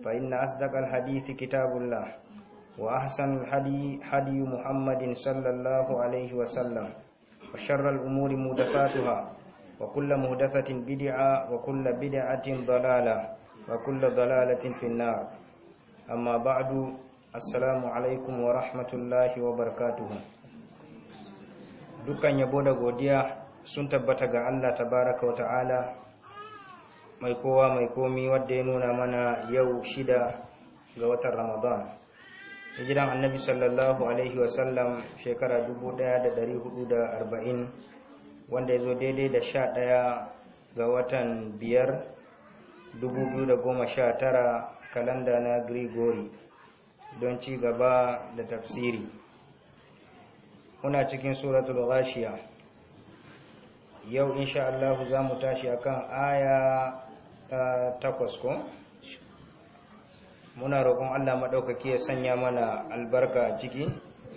فإن أصدق الحديث كتاب الله وأحسن الحدي حدي محمد صلى الله عليه وسلم وشر الأمور مهدفاتها وكل مهدفة بدعة وكل بدعة ضلالة وكل ضلالة في النار أما بعد assalamu alaikum wa rahmatullahi wa barakatuhu dukkan yabo da godiya sun tabbata ga Allah tabaraka wa ta'ala mai kowa mai komi wadda ya nuna mana yau shida ga watan ramadan A gidan annabi sallallahu alaihi wasallam shekara 1440 wanda ya zo daidai da sha ɗaya ga watan biyar 2019 kalanda na grigori don ci gaba da tafsiri muna cikin suratul ghashiya yau insha Allah za mu tashi akan aya ta takwas ko muna roƙon Allah maɗaukaki ya sanya mana albarka a ciki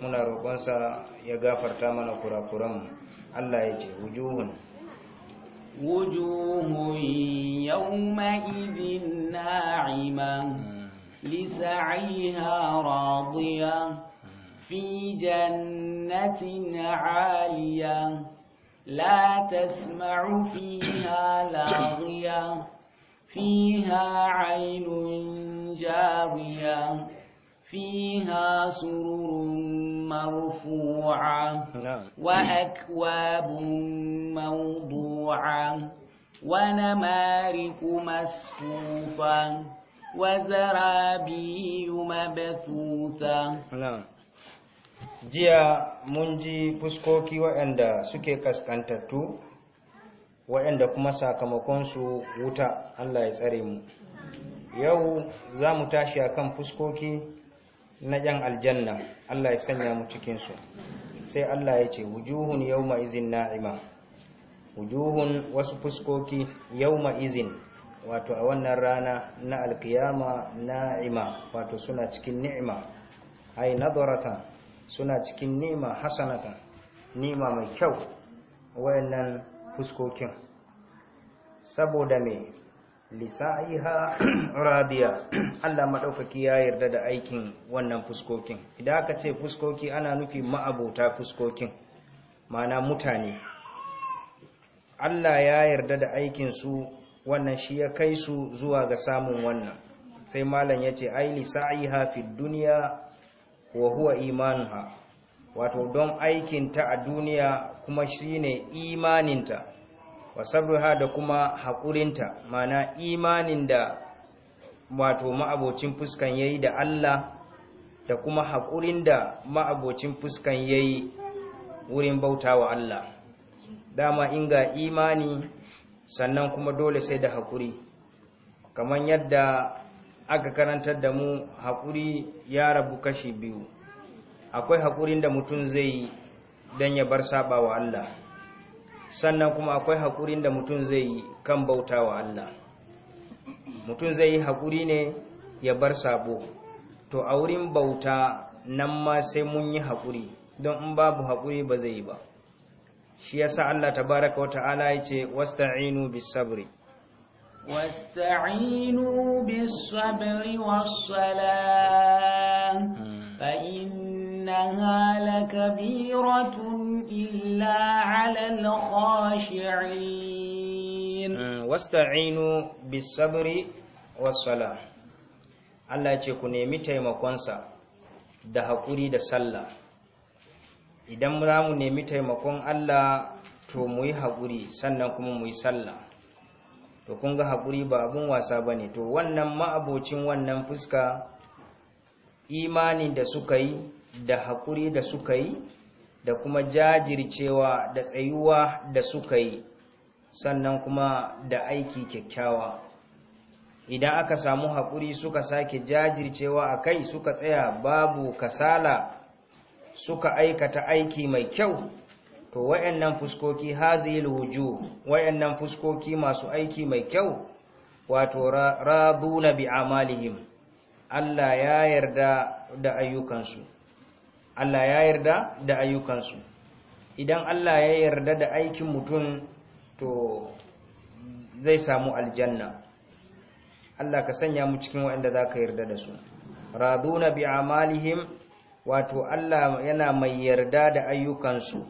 muna roƙonsa ya gafarta mana kurakuranmu Allah ya ce wujuhun wujuhun yawma'idin na'ima lisa'aiha radiya fi jannatin 'aliya la tasma'u fiha laghiya فيها عين جارية فيها سرور مرفوعة وأكواب موضوعة ونمارك مسفوفة وزرابي مبثوثة jiya mun ji fuskoki waɗanda suke kaskantattu waɗanda kuma sakamakonsu wuta Allah ya tsare mu yau za mu tashi a kan fuskoki na ‘yan aljanna Allah ya sanya mu cikinsu sai Allah ya ce wujuhun yau ma'izin na'ima wujuhun wasu fuskoki yau ma'izin wato a wannan rana na alkiyama na'ima wato suna cikin ni'ima ai nadarata suna cikin ni'ima hasanatan ni'ima mai kyau wayannan fuskokin saboda me lisa'iha radiya Allah madaukaki ya yarda da aikin wannan fuskokin idan aka ce fuskoki ana nufi ma'abota fuskokin mana mutane Allah ya yarda da aikin su wannan shi ya kai su zuwa ga samun wannan sai malam yace ai lisa'iha fid dunya wa huwa imanuha wato don aikin ta a duniya kuma shine imaninta wa sabruha da kuma haƙurinta mana imanin da wato ma'abocin fuskan yayi da Allah da kuma haƙurin da ma'abocin fuskan yayi wurin bautawa Allah dama inga imani sannan kuma dole sai da haƙuri kamar yadda aka karantar da mu haƙuri ya rabu kashi biyu akwai haƙurin da mutum zai yi. don ya bar saba wa Allah sannan kuma akwai haƙurin da mutum zai yi kan bauta wa Allah mutum zai yi haƙuri ne ya bar sabo to a wurin bauta nan ma sai mun yi haƙuri don in babu haƙuri ba zai yi ba shi yasa Allah ta baraka wa ta'ala ya ce wasta'inu bis sabri wasta'inu bis sabri was salah hmm. fa إنها لكبيرة إلا على الخاشعين واستعينوا بالصبر والصلاة Allah ce ku nemi taimakonsa da haƙuri da sallah idan za mu nemi taimakon Allah to mu yi haƙuri sannan kuma mu yi sallah to kun ga haƙuri ba abin wasa ba ne to wannan ma'abocin wannan fuska imanin da suka yi da haƙuri da suka yi da kuma jajircewa da tsayuwa da suka yi sannan kuma da aiki kyakkyawa idan aka samu haƙuri suka sake jajircewa a kai suka tsaya babu kasala suka aikata aiki mai kyau to wayannan fuskoki hazil wuju wayannan fuskoki masu aiki mai kyau wato raduna bi amalihim Allah ya yarda da ayyukansu Allah ya yarda da ayyukansu idan Allah ya yarda da aikin mutum to zai samu aljanna Allah ka sanya mu cikin waɗanda za ka yarda da su raduna bi amalihim wato Allah yana mai yarda da ayyukansu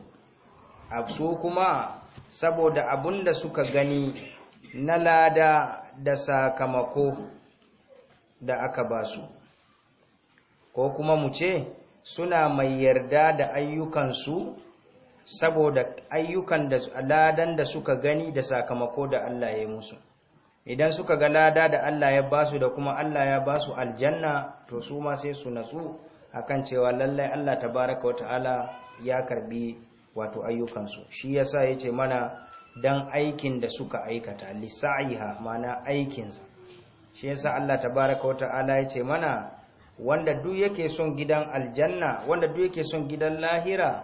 su kuma saboda abun da suka gani na lada da sakamako da aka ba su ko kuma mu ce suna mai yarda da ayyukansu saboda ayyukan da ladan da suka gani da sakamako da Allah ya yi musu idan suka ga lada da Allah ya basu da kuma Allah ya basu aljanna to su ma sai su natsu akan cewa lallai Allah tabaraka wata'ala ya karbi wato ayyukansu shi yasa yace mana dan aikin da suka aikata lisaiha mana aikinsa shi yasa Allah tabaraka wata'ala yace mana wanda duk yake son gidan aljanna wanda duk yake son gidan lahira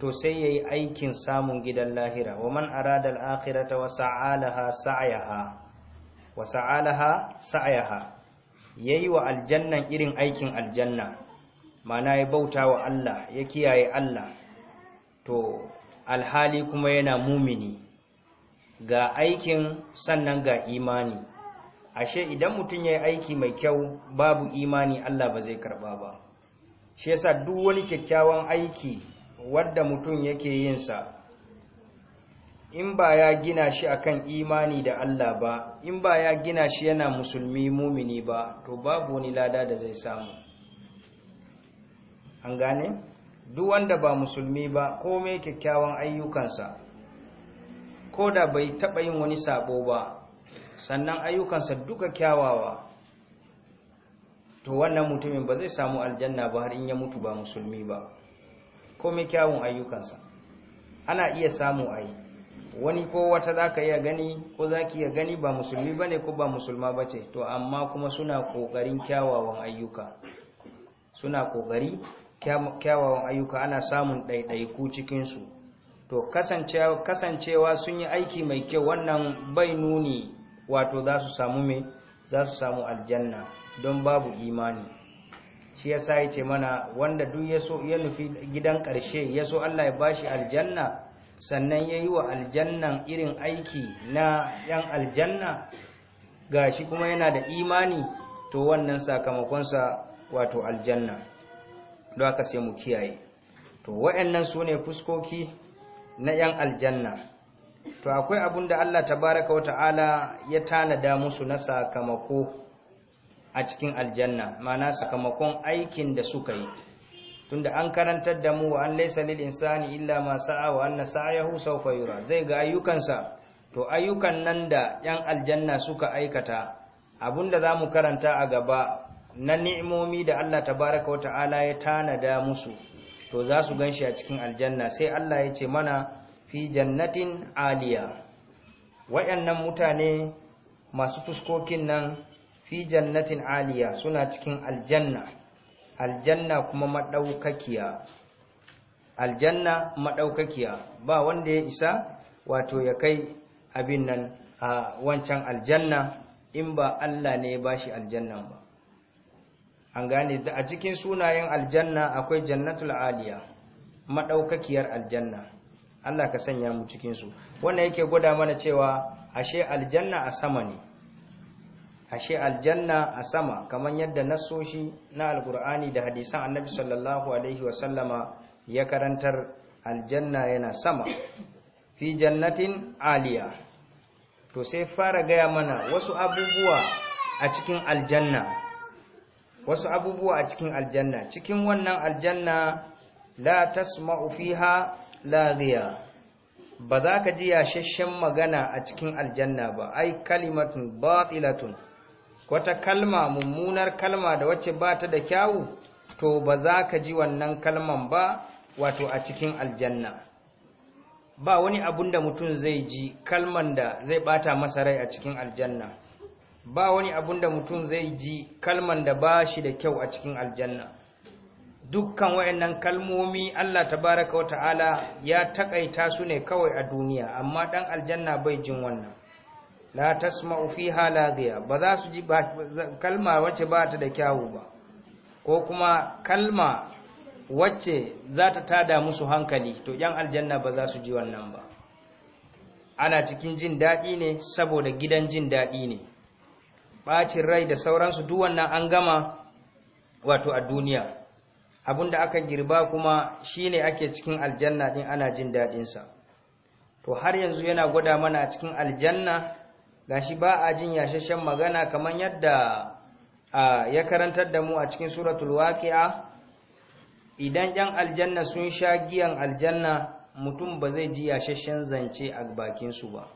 to sai yayi aikin samun gidan lahira wa man arada al-akhirata wa sa'alaha sa'yaha wa sa'alaha sa'yaha yayi wa aljannan irin aikin aljanna mana ya bauta wa Allah ya kiyaye Allah to alhali kuma yana mumini ga aikin sannan ga imani ashe idan mutum ya yi aiki mai kyau babu imani Allah ba zai karba ba shi yasa duk wani kyakkyawan aiki wadda mutum yake yinsa in ba ya gina shi akan imani da Allah ba in ba ya gina shi yana musulmi mumini ba to babu wani lada da zai samu an gane duk wanda ba musulmi ba komai kyakkyawan ayyukansa ko da bai taɓa yin wani sabo ba sannan ayyukansa duka kyawawa to wannan mutumin ba zai samu aljanna ba har in ya mutu ba musulmi ba komai kyawun ayyukansa ana iya samu ayi. wani ko wata za ka iya gani ko za ka iya gani ba musulmi ba ne ko ba musulma ba ce to amma kuma suna ƙoƙarin kyawawan ayyuka suna ƙoƙari kyawawan ayyuka ana samun ɗaiɗaiku cikinsu to kasancewa sun yi aiki mai kyau wannan bai nuni wato za su samu me za su samu aljanna don babu imani shi yasa yace mana wanda duk ya so ya nufi gidan ƙarshe ya so Allah ya bashi aljanna sannan ya yi wa aljannan irin aiki na yan aljanna ga shi kuma yana da imani to wannan sakamakonsa wato aljanna don aka sai mu kiyaye to waɗannan su ne fuskoki na yan aljanna to akwai abun da Allah tabaraka wa ta'ala ya tanada musu na sakamako a cikin aljanna ma'ana sakamakon aikin da suka yi tunda an karantar da mu an laysa lil insani illa ma sa'a wa anna sa'ahu sawfa yura zai ga ayyukansa to ayyukan nan da yan aljanna suka aikata da zamu karanta a gaba na ni'imomi da Allah tabaraka wa ta'ala ya tanada musu to za su ganshi a cikin aljanna sai Allah ya ce mana fi jannatin aliya wayannan mutane masu fuskokin nan fi jannatin aliya suna cikin aljanna aljanna kuma madaukakiya aljanna madaukakiya ba wanda ya isa wato ya kai abin nan a wancan aljanna in ba Allah ne ba bashi aljannan ba an gane da a cikin sunayen aljanna akwai jannatul aliya madaukakiyar aljanna Allah ka sanya mu cikin su wannan yake gwada mana cewa ashe aljanna a sama ne ashe aljanna a sama kamar yadda nasoshi na alkur'ani da hadisan annabi sallallahu alaihi wasallama ya karantar aljanna yana sama fi jannatin aliya to sai fara gaya mana wasu abubuwa a cikin aljanna wasu abubuwa a cikin aljanna cikin wannan aljanna la tasma'u fiha lagiya ba za ka ji yashashen magana a cikin aljanna ba ai kalimatun batilatun wata kalma mummunar kalma da wacce ba ta da kyawu to ba za ka ji wannan kalman ba wato a cikin aljanna ba wani abun da mutum zai ji kalman da zai bata masa rai a cikin aljanna ba wani abun da mutum zai ji kalman da ba shi da kyau a cikin aljanna dukkan waɗannan kalmomi Allah tabaraka wata'ala ya takaita su ne kawai a duniya amma ɗan aljanna bai jin wannan la tasma'u fiha laghiya ba za su ji kalma wacce ba ta da kyawu ba ko kuma kalma wacce za ta tada musu hankali to yan aljanna ba za su ji wannan ba ana cikin jin daɗi ne saboda gidan jin daɗi ne ɓacin rai da sauransu duk wannan an gama wato a duniya Abun da aka girba kuma shine ake cikin aljanna din ana jin daɗin sa to har yanzu yana gwada mana a cikin aljanna gashi ba a jin yashashen magana kamar yadda ya karantar da mu a cikin suratul waqi'a idan yan aljanna sun sha giyan aljanna mutum ba zai ji yashashen zance a bakin su ba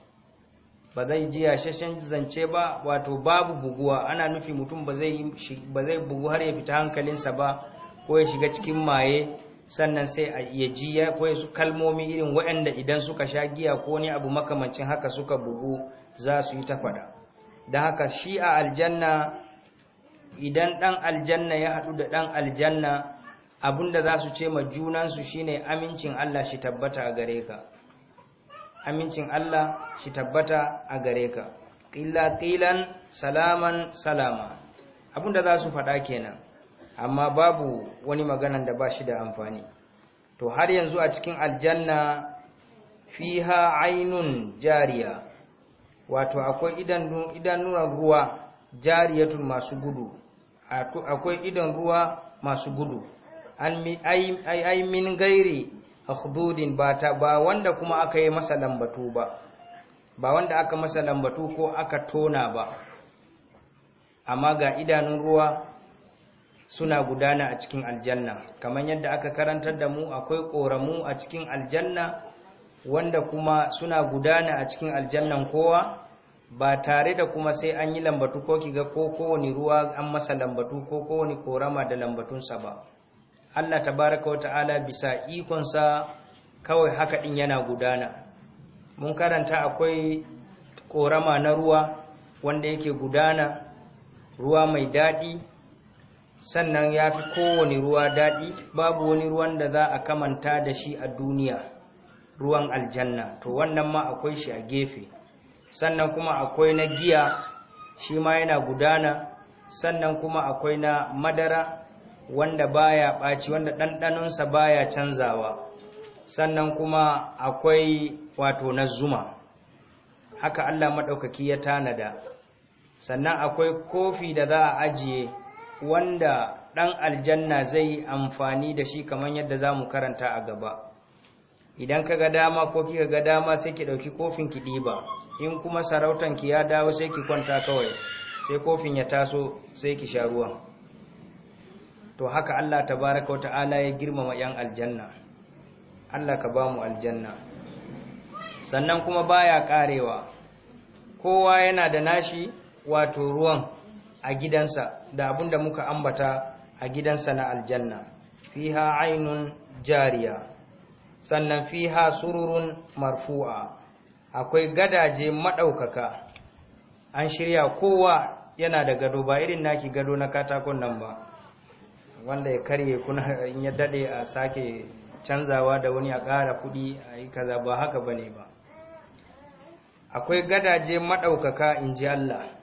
ba zai ji yashashen zance ba wato babu buguwa ana nufi mutum ba zai bugu har ya fita hankalinsa ba ko ya shiga cikin maye sannan sai a iya jiya ko su kalmomi irin waɗanda idan suka sha giya ko ne abu makamancin haka suka bugu za su yi ta Da don haka shi a aljanna idan ɗan aljanna ya haɗu da ɗan aljanna abinda za su ce ma junansu shine amincin Allah shi tabbata a gare ka amincin Allah shi tabbata a gare ka ƙila ƙilan salaman salama abinda za su faɗa kenan amma babu wani maganan da ba shi da amfani to har yanzu a cikin aljanna fiha ainun jariya wato akwai idanun ruwa jariyatun masu gudu akwai idan ruwa masu gudu ai min gairi a ba ta ba wanda kuma aka yi masa lambatu ba ba wanda aka masa lambatu ko aka tona ba amma ga idanun ruwa suna gudana a cikin aljanna kamar yadda aka karantar da mu akwai koramu a cikin aljanna wanda kuma suna gudana a cikin aljannan kowa ba tare da kuma sai an yi lambatu ko kiga ko kowane ruwa an masa lambatu ko kowani korama da lambatunsa ba Allah tabaraka wata'ala bisa sa kawai haka din yana gudana mun karanta akwai korama na ruwa wanda yake gudana ruwa mai daɗi sannan ya fi kowane ruwa daɗi babu wani ruwan da za a kamanta da shi a duniya ruwan aljanna to wannan ma akwai shi a gefe sannan kuma akwai na giya shi ma yana gudana sannan kuma akwai na madara wanda baya ɓaci wanda ɗanɗanonsa baya canzawa sannan kuma akwai wato na zuma haka Allah maɗaukaki ya tanada sannan akwai kofi da za a ajiye wanda ɗan aljanna zai amfani da shi kamar yadda za mu karanta a gaba idan ka ga dama ko kika ga dama sai ki ɗauki kofin ki ɗiba in kuma sarautan ki ya dawo sai ki kwanta kawai sai kofin ya taso sai ki sha ruwan to haka Allah tabaraka wa ta'ala ya girmama yan aljanna Allah ka ba mu aljanna sannan kuma baya karewa kowa yana da nashi wato ruwan a gidansa da abin da muka ambata a gidansa na aljanna fiha ainun jariya sannan fiha sururun marfu'a akwai gadaje maɗaukaka an shirya kowa yana da gado ba irin naki gado na katakon nan ba wanda ya karye kuna in ya daɗe a sake canzawa da wani a ƙara kuɗi a yi kaza ba haka ba ne ba akwai gadaje maɗaukaka in ji Allah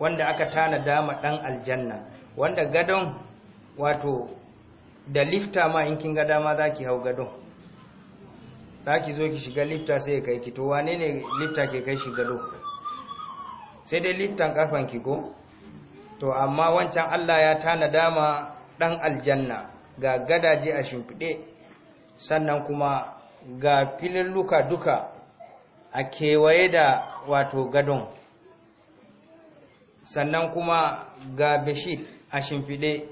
wanda aka tana dama ɗan aljanna wanda gadon wato da lifta ma in kin ga dama zaki hau gadon zaki zo ki shiga lifta sai kai ki to wane ne lifta ke kai shi gado sai dai liftan kafan ki ko to amma wancan Allah ya tana dama ɗan aljanna ga gadaje a shimfiɗe sannan kuma ga filin luka duka a kewaye da wato gadon sannan kuma ga beshit a shimfiɗe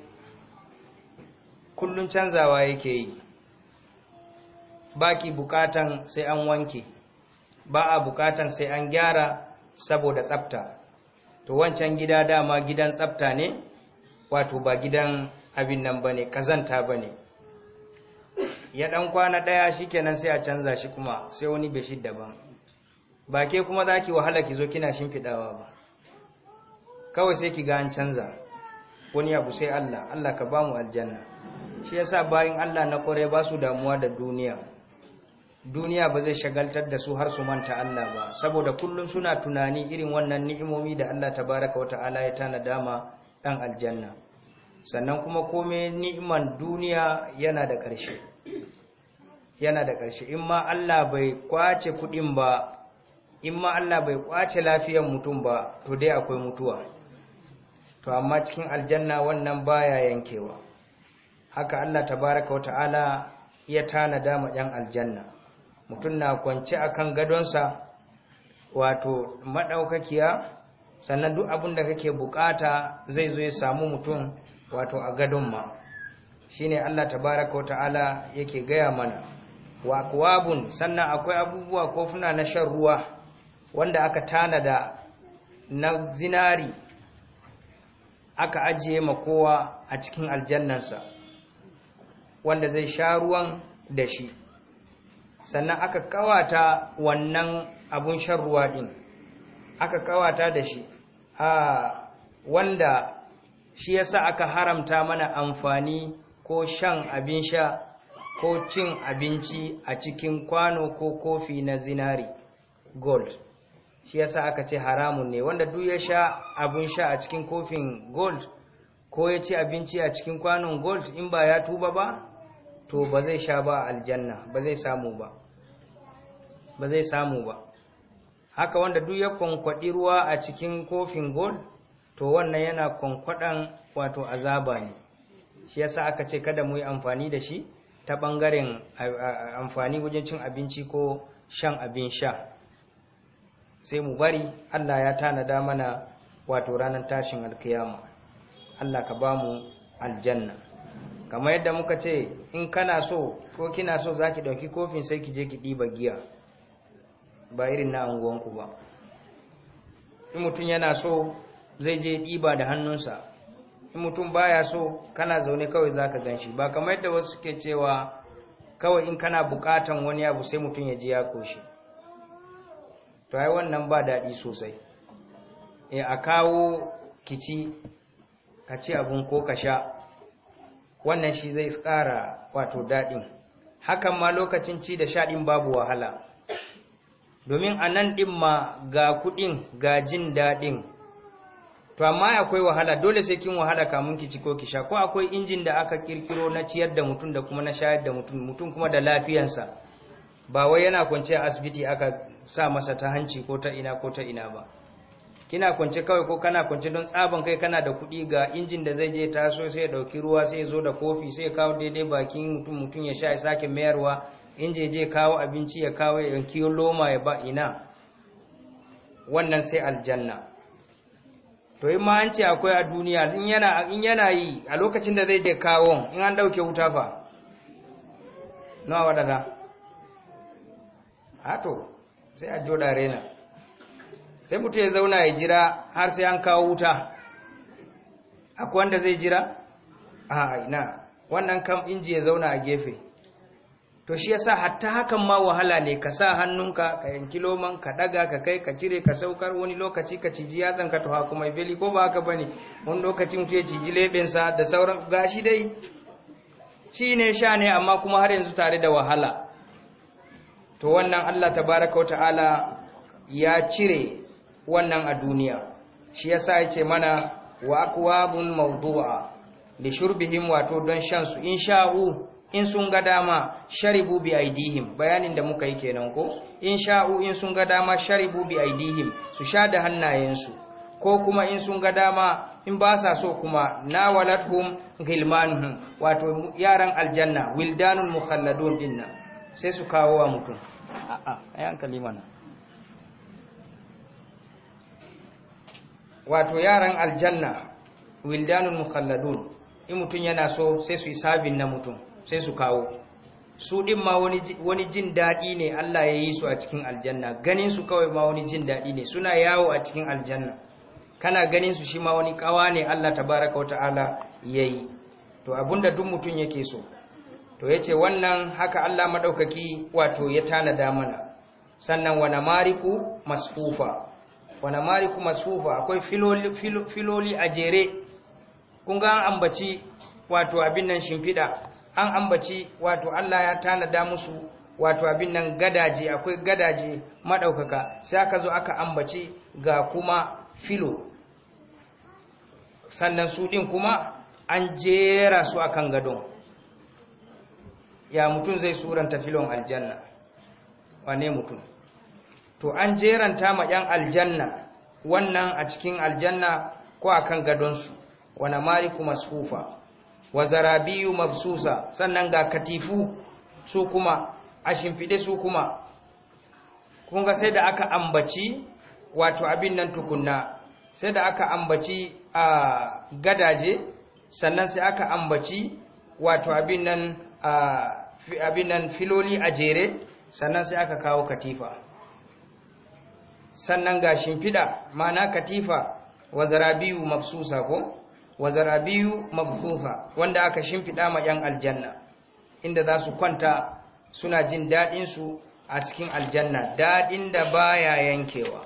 kullum canzawa yake yi baki bukatan sai an wanke ba a bukatan sai an gyara saboda tsafta to wancan gida dama gidan tsafta ne wato ba gidan abin nan ba ne kazanta ba ne ya ɗan kwana ɗaya shi kenan sai a canza shi kuma sai wani beshit daban ba ke kuma za ki wahala ki zo kina shimfiɗawa ba kawai sai ki ga an canza wani abu sai Allah Allah ka bamu aljanna shi yasa bayan Allah na kore ba su damuwa da duniya duniya ba zai shagaltar da su har su manta Allah ba saboda kullum suna tunani irin wannan ni'imomi da Allah tabaraka wa ta'ala ya tana dama dan aljanna sannan kuma komai ni'iman duniya yana da ƙarshe yana da ƙarshe in ma Allah bai kwace kuɗin ba in ma Allah bai kwace lafiyar mutum ba to dai akwai mutuwa to amma cikin aljanna wannan baya yankewa haka Allah tabaraka wata'ala ya tanada ma ɗan aljanna mutum na kwance akan gadonsa wato maɗaukakiya sannan duk abin da kake bukata zai zo ya samu mutum wato a gadon ma shine Allah tabaraka wata'ala yake gaya mana wa akwabun sannan akwai abubuwa kofuna na shan ruwa wanda aka tanada na zinari aka ajiye ma kowa a cikin aljannansa wanda zai sha ruwan da shi sannan aka kawata wannan abun shan ruwa ɗin, aka kawata da shi a wanda shi yasa aka haramta mana amfani ko shan abin sha ko cin abinci a cikin kwano ko kofi na zinari gold shi yasa aka ce haramun ne wanda duk ya sha abun sha a cikin kofin gold ko ya ci abinci a cikin kwanon gold in ba ya tuba ba to ba zai sha ba aljanna ba zai samu ba ba zai samu ba haka wanda duk ya kwankwaɗi ruwa a cikin kofin gold to wannan yana kwankwadan wato azaba ne shi yasa aka ce kada mu yi amfani da shi ta bangaren amfani wajen cin abinci ko shan abin sha sai mu bari Allah ya tanada mana wato ranar tashin alkiyama Allah ka bamu aljanna kamar yadda muka ce in kana so ko kina so zaki dauki kofin sai ki je ki diba giya ba irin na anguwanku ba in mutum yana so zai je diba da hannunsa in mutum baya so kana zaune kawai zaka ganshi ba kamar yadda wasu suke cewa kawai in kana bukatan wani abu sai mutum ya ji ya koshi to ai wannan ba daɗi sosai e a kawo kici ka ci abun ko ka sha wannan shi zai ƙara wato daɗin hakan ma lokacin ci da sha ɗin babu wahala domin a nan ɗin ma ga kuɗin ga jin daɗin to amma akwai wahala dole sai kin wahala kamun ki ci ko ki sha ko akwai injin da aka kirkiro na ciyar da mutum da kuma na shayar da mutum mutum kuma da lafiyansa ba wai yana kwance a asibiti aka sa masa ta hanci ko ta ina ko ta ina ba kina kwance kawai ko kana kwance don tsaban kai kana da kuɗi ga injin da zai je taso sai ya ɗauki ruwa sai ya zo da kofi sai ya kawo daidai bakin mutum mutum ya sha ya sake mayarwa inje je kawo abinci ya kawo ya kiyo loma ya ba ina wannan sai aljanna to in ma an ce akwai a duniya in yana in yana yi a lokacin da zai je kawo in an ɗauke wuta fa nawa wadana hato ah, sai a joda rena sai mutum ya zauna ya jira har sai an kawo wuta akwai wanda zai jira a ina wannan kam inji ya zauna a gefe to shi yasa hatta hakan ma wahala ne ka sa hannunka ka yanki loman ka daga ka kai ka cire ka saukar wani lokaci ka ciji yatsan ka toha kuma beli ko ba haka bane wani lokaci mutum ya ciji lebensa da sauran gashi dai ci ne sha ne amma kuma har yanzu tare da wahala to wannan Allah tabaraka wa ta'ala ya cire wannan a duniya shi yasa yace mana wa aqwabun mawdu'a li shurbihim wato don shan su in sha'u in sun ga dama sharibu bi aidihim bayanin da muka yi kenan ko in sha'u in sun ga dama sharibu bi aidihim su sha da hannayensu ko kuma in sun ga dama in ba sa so kuma na walathum wato yaran aljanna wildanul mukhalladun dinna sai su kawo wa mutum a'a ai hankali mana wato yaran aljanna wildanun mukhalladun in mutum yana so sai su yi sabin na mutum sai su kawo su din ma wani jin daɗi ne Allah ya yi su a cikin aljanna ganin su kawai ma wani jin daɗi ne suna yawo a cikin aljanna kana ganin su shi ma wani kawa ne Allah tabaraka wa ta'ala ya to abinda duk mutum yake so to ya ce wannan haka Allah maɗaukaki, wato ya tanada mana sannan wa mariku masfufa wa mariku masfufa akwai filoli filoli a jere kun ga an ambaci wato abin nan shimfiɗa, an ambaci wato Allah ya tana damusu wato abin nan gadaje akwai gadaje maɗaukaka, sai aka zo aka ambaci ga kuma filo sannan su ɗin kuma an jera su akan gadon ya mutum zai suranta filon aljanna wane mutum to an jeranta ma yan aljanna wannan a cikin aljanna ko a akan gadonsu wa kuma sufa wa zarabiyu mabsusa sannan ga katifu su kuma a shimfide su kuma kun sai da aka ambaci wato abin nan tukunna sai da aka ambaci a gadaje sannan sai aka ambaci wato abin nan a abin nan filoli a jere sannan sai aka kawo katifa sannan ga shimfiɗa ma'ana katifa wa zarabiyu mafsusa ko wa zarabiyu mafsusa wanda aka shimfiɗa ma 'yan aljanna inda za su kwanta suna jin daɗinsu a cikin aljanna daɗin da baya yankewa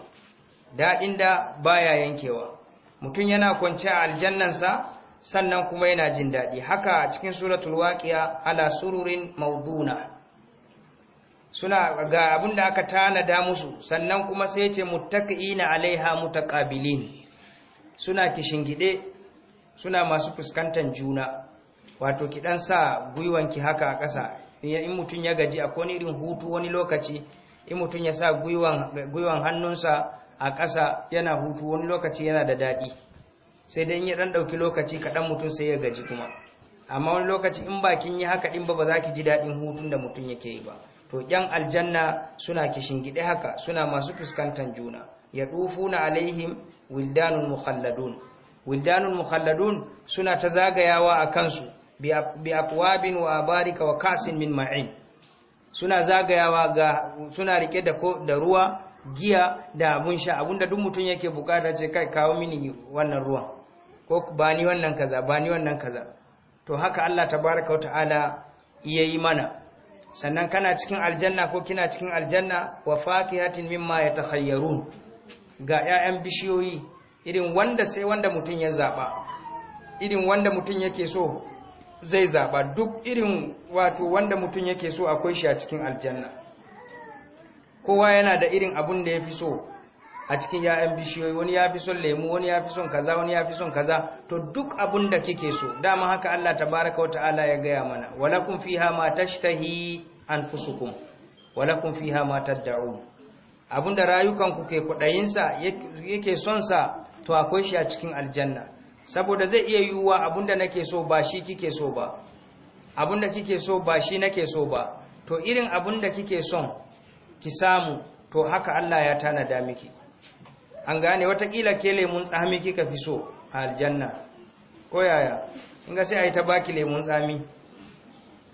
daɗin da baya yankewa mutum yana kwance a aljannansa sannan kuma yana jin daɗi haka cikin suratul waqiya ala sururin mauduna suna ga abin da aka tanada musu sannan kuma sai ce muttaqina alaiha mutaqabilin suna kishingide suna masu fuskantar juna wato ki dan sa guyuwanki haka a ƙasa in mutun ya gaji a kone irin hutu wani lokaci in mutun ya sa guyuwan gwiwan hannunsa a ƙasa yana hutu wani lokaci yana da daɗi sai dai ya dan dauki lokaci kaɗan mutum sai ya gaji kuma amma wani lokaci in bakin yi haka din ba ba za ki ji daɗin hutun da mutum yake yi ba to yan aljanna suna kishingide haka suna masu fuskantar juna ya na alaihim wildanun mukhalladun wildanun mukhalladun suna ta zagayawa a kansu bi aqwabin wa abarika wa kasin min ma'in suna zagayawa ga suna rike da da ruwa giya da abun sha abunda duk mutun yake bukata ce kai kawo mini wannan ruwan ko ba ni wannan kaza ba ni wannan kaza to haka Allah tabaraka wa ta'ala yayi mana sannan kana cikin aljanna ko kina cikin aljanna wa fakihatin mimma yatakhayyarun ga 'ya'yan bishiyoyi irin wanda sai wanda mutum ya zaba irin wanda mutum yake so zai zaba duk irin wato wanda mutum yake so akwai shi a cikin aljanna kowa yana da irin abun da yafi so a cikin ya'yan bishiyoyi wani ya fi son lemu wani ya fi son kaza wani ya fi son kaza to duk abun da kike so dama haka Allah tabaraka wa ta'ala ya gaya mana walakum fiha ma tashtahi anfusukum walakum fiha ma tad'un rayukan rayukanku ke kudayin sa yake son sa to akwai shi a cikin aljanna saboda zai iya yiwuwa abunda nake so ba shi kike so ba abunda kike so ba shi nake so ba to irin abunda kike son ki samu to haka Allah ya da miki an gane watakila ke lemun tsami kika fi so a aljanna ko yaya in ga sai a yi ta baki lemun tsami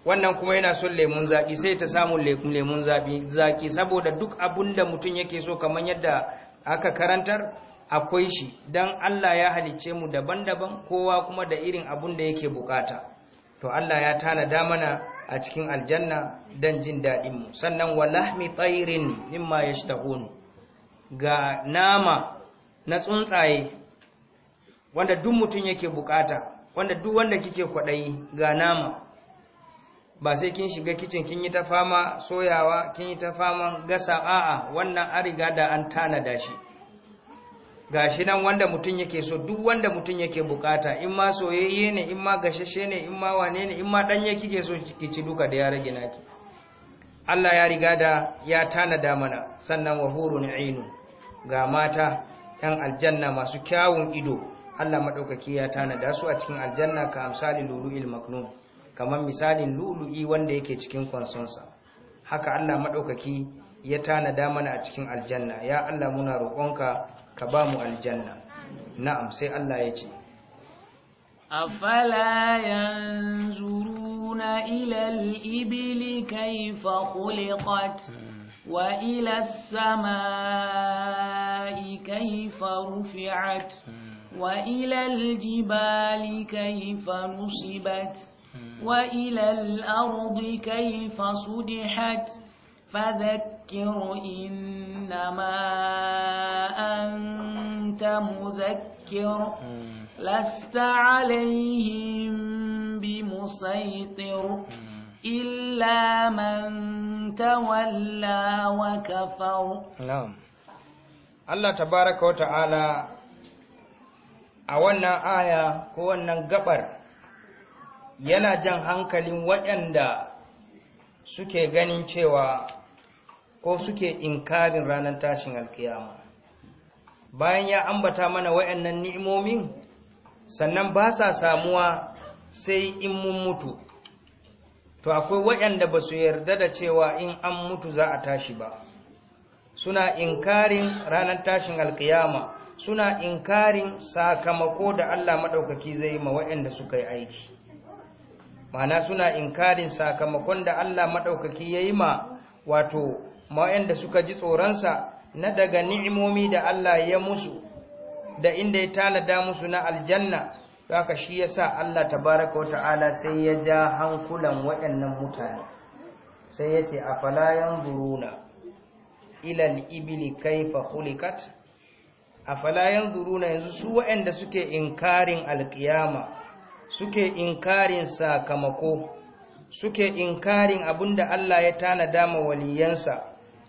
wannan kuma yana son lemun zaƙi sai ta samu lemun zaƙi saboda duk abun da mutum yake so kamar yadda aka karantar akwai shi don Allah ya halicce mu daban-daban kowa kuma da irin abun da yake bukata to Allah ya tanada mana a cikin aljanna don jin daɗinmu sannan walahmi tsairin mimma ya shi ga nama na tsuntsaye wanda duk mutum yake bukata wanda duk wanda kike kwadayi ga nama ba sai kin shiga kicin kin yi ta fama soyawa kin yi ta fama gasa a'a wannan an riga da an tanada shi gashi nan wanda mutum yake so duk wanda mutum yake bukata in ma soyayye ne in ma gashashe ne in ma wane ne in ma danye kike so ki ci duka da ya rage naki Allah ya riga da ya tanada mana sannan wahurun 'ainu ga mata ‘yan aljanna masu kyawun ido Allah maɗaukaki ya tanada su a cikin aljanna ka amsali lulu maknun kamar misalin lulu'i wanda yake cikin kwansonsa haka Allah maɗaukaki ya tanada mana a cikin aljanna ya Allah muna roƙonka ka ba mu aljanna na'am sai Allah ya ce afala yanzuruna ila al-ibli kayfa khuliqat وإلى السماء كيف رفعت وإلى الجبال كيف نصبت وإلى الأرض كيف صدحت فذكر إنما أنت مذكر لست عليهم بمسيطر إلا من تولى وكفر نعم Allah tabaraka wa ta'ala a wannan aya ko wannan gabar yana jan hankalin waɗanda suke ganin cewa ko suke inkarin ranar tashin alkiyama bayan ya ambata mana waɗannan ni'imomin sannan ba sa samuwa sai in mun mutu to akwai waɗanda ba su yarda da cewa in an mutu za a tashi ba suna inkarin ranar tashin alkiyama suna inkarin sakamako da Allah maɗaukaki zai ma waɗanda suka yi aiki mana suna inkarin sakamakon da Allah maɗaukaki ya yi ma wato waɗanda suka ji tsoronsa na daga ni'imomi da Allah ya musu da inda ya tanada musu na aljanna Kaka shi ya sa Allah tabaraka wa ta'ala sai ya ja hankulan waɗannan mutane sai ya ce a falayen zuruna ilal ibili ibli kayfa A falayen zuruna yanzu su waɗanda suke inkarin alkiyama suke inkarin sakamako suke inkarin da Allah ya tanada ma waliyansa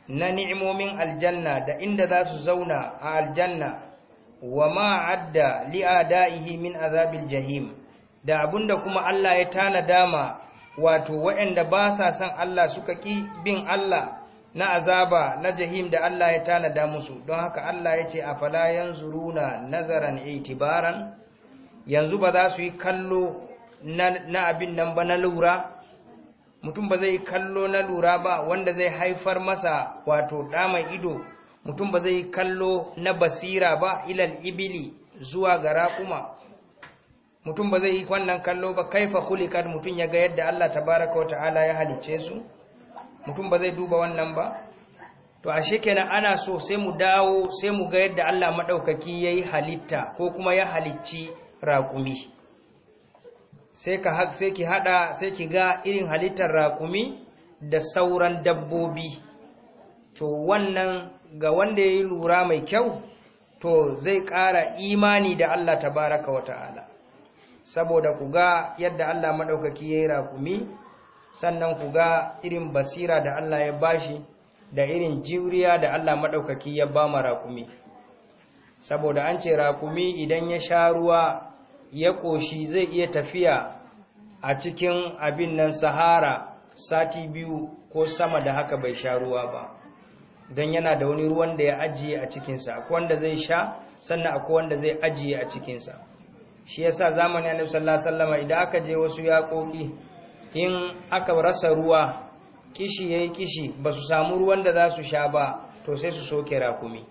na ni'imomin aljanna da inda za su zauna a aljanna wa ma adda li'ada'ihi min azabil jahim da abunda kuma Allah ya tanada dama wato waɗanda ba sa son Allah suka ki bin Allah na azaba na jahim da Allah ya tanada musu don haka Allah ya ce afala yanzuruna nazaran itibaran yanzu ba za su yi kallo na abin nan ba na lura mutum ba zai kallo na lura ba wanda zai haifar masa wato ɗa ido mutum ba zai kallo na basira ba ilal ibili zuwa ga raƙuma mutum ba zai wannan kallo ba kaifa kulikan mutum ya ga yadda Allah tabaraka wa ta'ala ya halice su mutum ba zai duba wannan ba to ashe kenan ana so sai mu dawo sai mu ga yadda Allah madaukaki yayi halitta ko kuma ya halicci raƙumi sai ka sai ki hada sai ki ga irin halittar raƙumi da sauran dabbobi to wannan ga wanda ya yi lura mai kyau to zai ƙara imani da Allah tabaraka wa ta'ala saboda ku ga yadda Allah maɗaukaki ya yi raƙumi sannan ku ga irin basira da Allah ya bashi da irin jiriya da Allah maɗaukaki ya ba ma raƙumi saboda an ce raƙumi idan ya sha ruwa ya ƙoshi zai iya tafiya a cikin abin nan sahara sati biyu ko sama da haka bai sha ruwa ba don yana da wani ruwan da ya ajiye a cikinsa a wanda zai sha sannan a wanda zai ajiye a cikinsa shi ya sa zamani a alaihi idan aka je wasu yaƙoƙi in aka rasa ruwa kishi ya yi kishi ba su samu ruwan da za su sha ba to sai su soke rakumi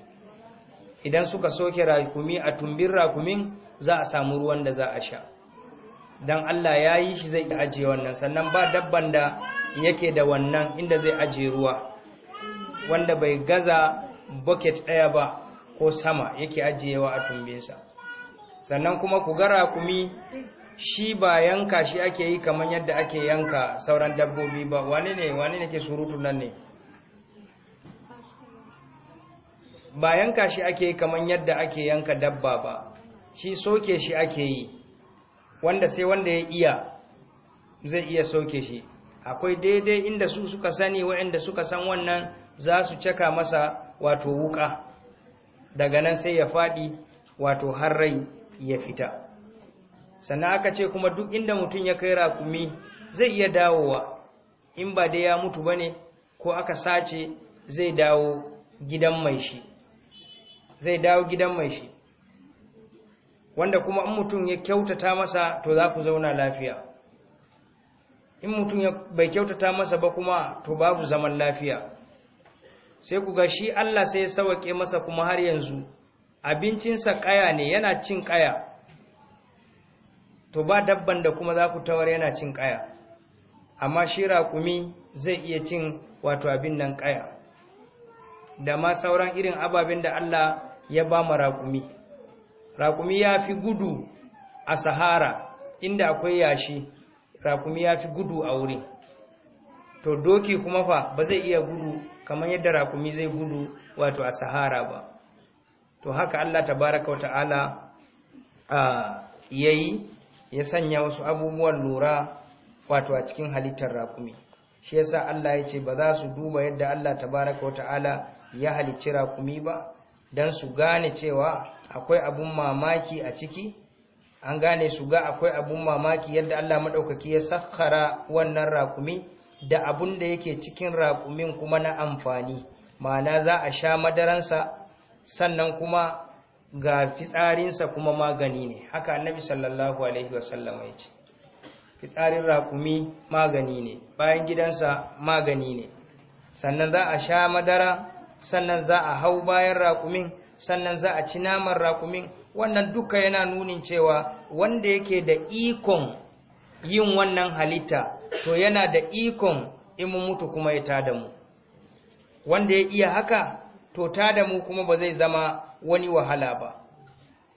idan suka soke rakumi a tumbin rakumin za a samu ruwan da za a sha don Allah ya yi shi zai ajiye wannan sannan ba dabban da yake da wannan inda zai ajiye ruwa wanda bai gaza bucket ɗaya ba ko sama yake ajiyewa a tumbinsa sannan kuma ku gara kumi shi ba yanka shi ake yi kamar yadda ake yanka sauran dabbobi ba wani ne wani ne ke surutu nan ne ba yanka shi ake yi kamar yadda ake yanka dabba ba shi soke shi ake yi wanda sai wanda ya iya zai iya soke shi akwai daidai inda su suka sani waɗanda suka san wannan za su caka masa wato wuka daga nan sai ya faɗi wato har rai ya fita sannan aka ce kuma duk inda mutum ya kai rakumi zai iya dawowa in ba dai ya mutu bane ko aka sace zai dawo gidan mai shi zai dawo gidan mai shi wanda kuma in mutum ya kyautata masa to za ku zauna lafiya in mutum bai kyautata masa ba kuma to babu zaman lafiya sai ku ga shi Allah sai ya sawake masa kuma har yanzu abincinsa kaya ne yana cin kaya to ba dabban da kuma za ku tawar yana cin kaya amma shi raƙumi zai iya cin wato abin nan kaya da ma sauran irin ababen da Allah ya ba ma raƙumi raƙumi ya fi gudu a sahara inda akwai yashi raƙumi ya fi gudu a wuri. to doki kuma fa ba zai iya gudu kamar yadda rakumi zai gudu wato a sahara ba to haka Allah tabaraka wa ta'ala yayi ya sanya wasu abubuwan lura wato a cikin halittar rakumi shi yasa Allah ya ce ba za su duba yadda Allah tabaraka wa ta'ala ya halicci rakumi ba dan su gane cewa akwai abun mamaki a ciki an gane su ga akwai abun mamaki yadda Allah madaukaki ya sakhara wannan rakumi da abun da yake cikin raƙumin kuma na amfani ma'ana za a sha madaransa sannan kuma ga fitsarinsa kuma magani ne haka annabi sallallahu alaihi wasallam ya ce fitsarin raƙumi magani ne bayan gidansa magani ne sannan za a sha madara sannan za a hau bayan raƙumin sannan za a ci naman raƙumin wannan duka yana nunin cewa wanda yake da ikon yin wannan halitta to yana da ikon in mutu kuma ya tada mu wanda ya iya haka to tada mu kuma ba zai zama wani wahala ba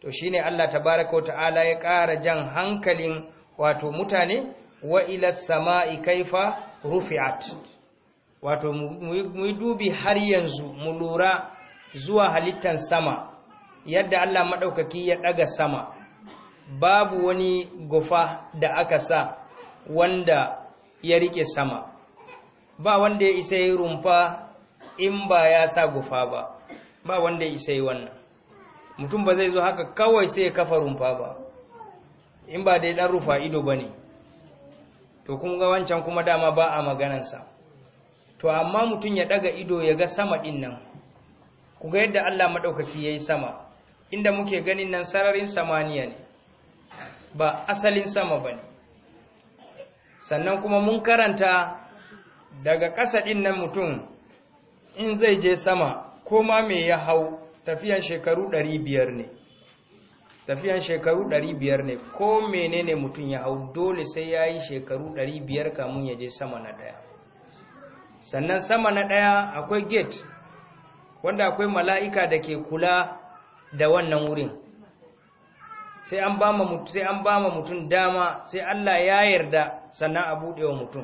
to shine Allah tabaraka ta'ala ya ƙara jan hankalin wato mutane wa ila sama'i kaifa rufi'at wato mu dubi har yanzu mu lura zuwa halittan sama yadda Allah maɗaukaki ya ɗaga sama babu wani gufa da aka sa wanda ya rike sama ba wanda ya isa yi rumfa in ba ya sa gufa ba ba wanda ya isa yi wannan mutum ba zai zo haka kawai sai ya kafa rumfa ba in ba dai dan rufa ido ba ne to kun ga wancan kuma dama ba a maganansa to amma mutum ya daga ido ya ga sama din nan ku ga yadda Allah madaukaki yayi sama inda muke ganin nan sararin samaniya ne ba asalin sama bane sannan kuma mun karanta daga ƙasa ɗin nan mutum in zai je sama ko ma me ya hau tafiyan shekaru ɗari biyar ne tafiyan shekaru ɗari biyar ne ko menene mutum ya hau dole sai ya yi shekaru ɗari biyar kamun ya je sama na ɗaya sannan sama na ɗaya akwai gate wanda akwai mala'ika da ke kula da wannan wurin sai an ba mutum sai an ba mutum dama sai Allah ya yarda sannan a wa mutum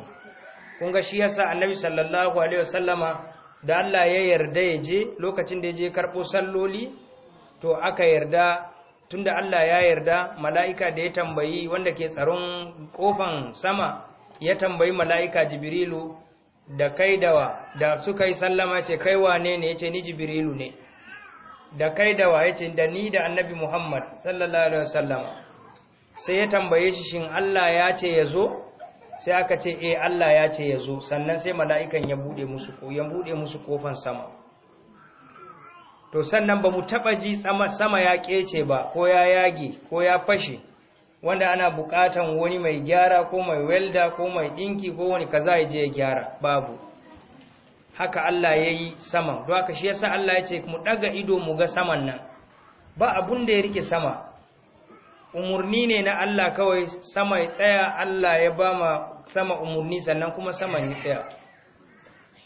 kun ga shi yasa Annabi sallallahu alaihi wasallama da Allah ya yarda ya je lokacin da ya je karɓo salloli to aka yarda tunda Allah ya yarda mala'ika da ya tambayi wanda ke tsaron kofan sama ya tambayi mala'ika Jibrilu da kai dawa da suka yi sallama ce kai wane ne ya ce ni Jibrilu ne da kai da waye ce da ni da annabi Muhammad sallallahu alaihi wasallam sai ya tambaye shi shin Allah ya ce ya sai aka ce eh Allah ya ce ya sannan sai mala'ikan ya bude musu ko ya bude musu kofan sama to sannan ba mu taba ji sama sama ya kece ba ko ya yage ko ya fashe wanda ana bukatan wani mai gyara ko mai welda ko mai dinki ko wani kaza ya je ya gyara babu haka Allah ya yi saman don haka shi yasa Allah ya ce mu ɗaga ido mu ga saman nan ba abun da ya rike sama umarni ne na Allah kawai sama ya tsaya Allah ya ba ma sama umarni sannan kuma saman ya tsaya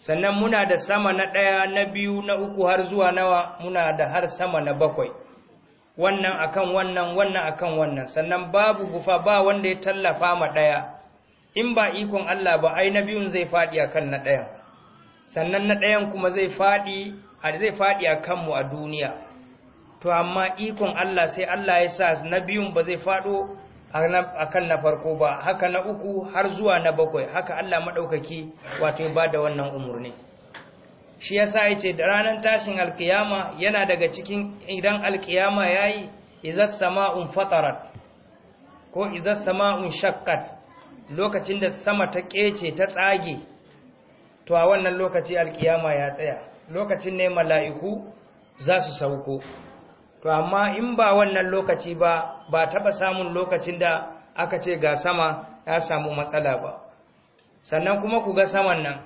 sannan muna da sama na ɗaya na biyu na uku har zuwa nawa muna da har sama na bakwai wannan akan wannan wannan akan wannan sannan babu gufa ba wanda ya tallafa ma ɗaya in ba ikon Allah ba ai na biyun zai faɗi akan na ɗayan sannan na ɗayan kuma zai faɗi zai faɗi a kanmu a duniya to amma ikon Allah sai Allah ya sa na biyun ba zai faɗo a kan na farko ba haka na uku har zuwa na bakwai haka Allah maɗaukaki wato ya ba da wannan umarni shi ya sa ya da ranar tashin alkiyama yana daga cikin idan alkiyama ya yi izar sama'un fatarat ko izar sama'un shakkat lokacin da sama ta ƙece ta tsage to a wannan lokaci alkiyama ya tsaya lokacin ne mala'iku za su sauko to amma in ba wannan lokaci ba ba taɓa samun lokacin da aka ce ga sama ya samu matsala ba sannan kuma ku ga saman nan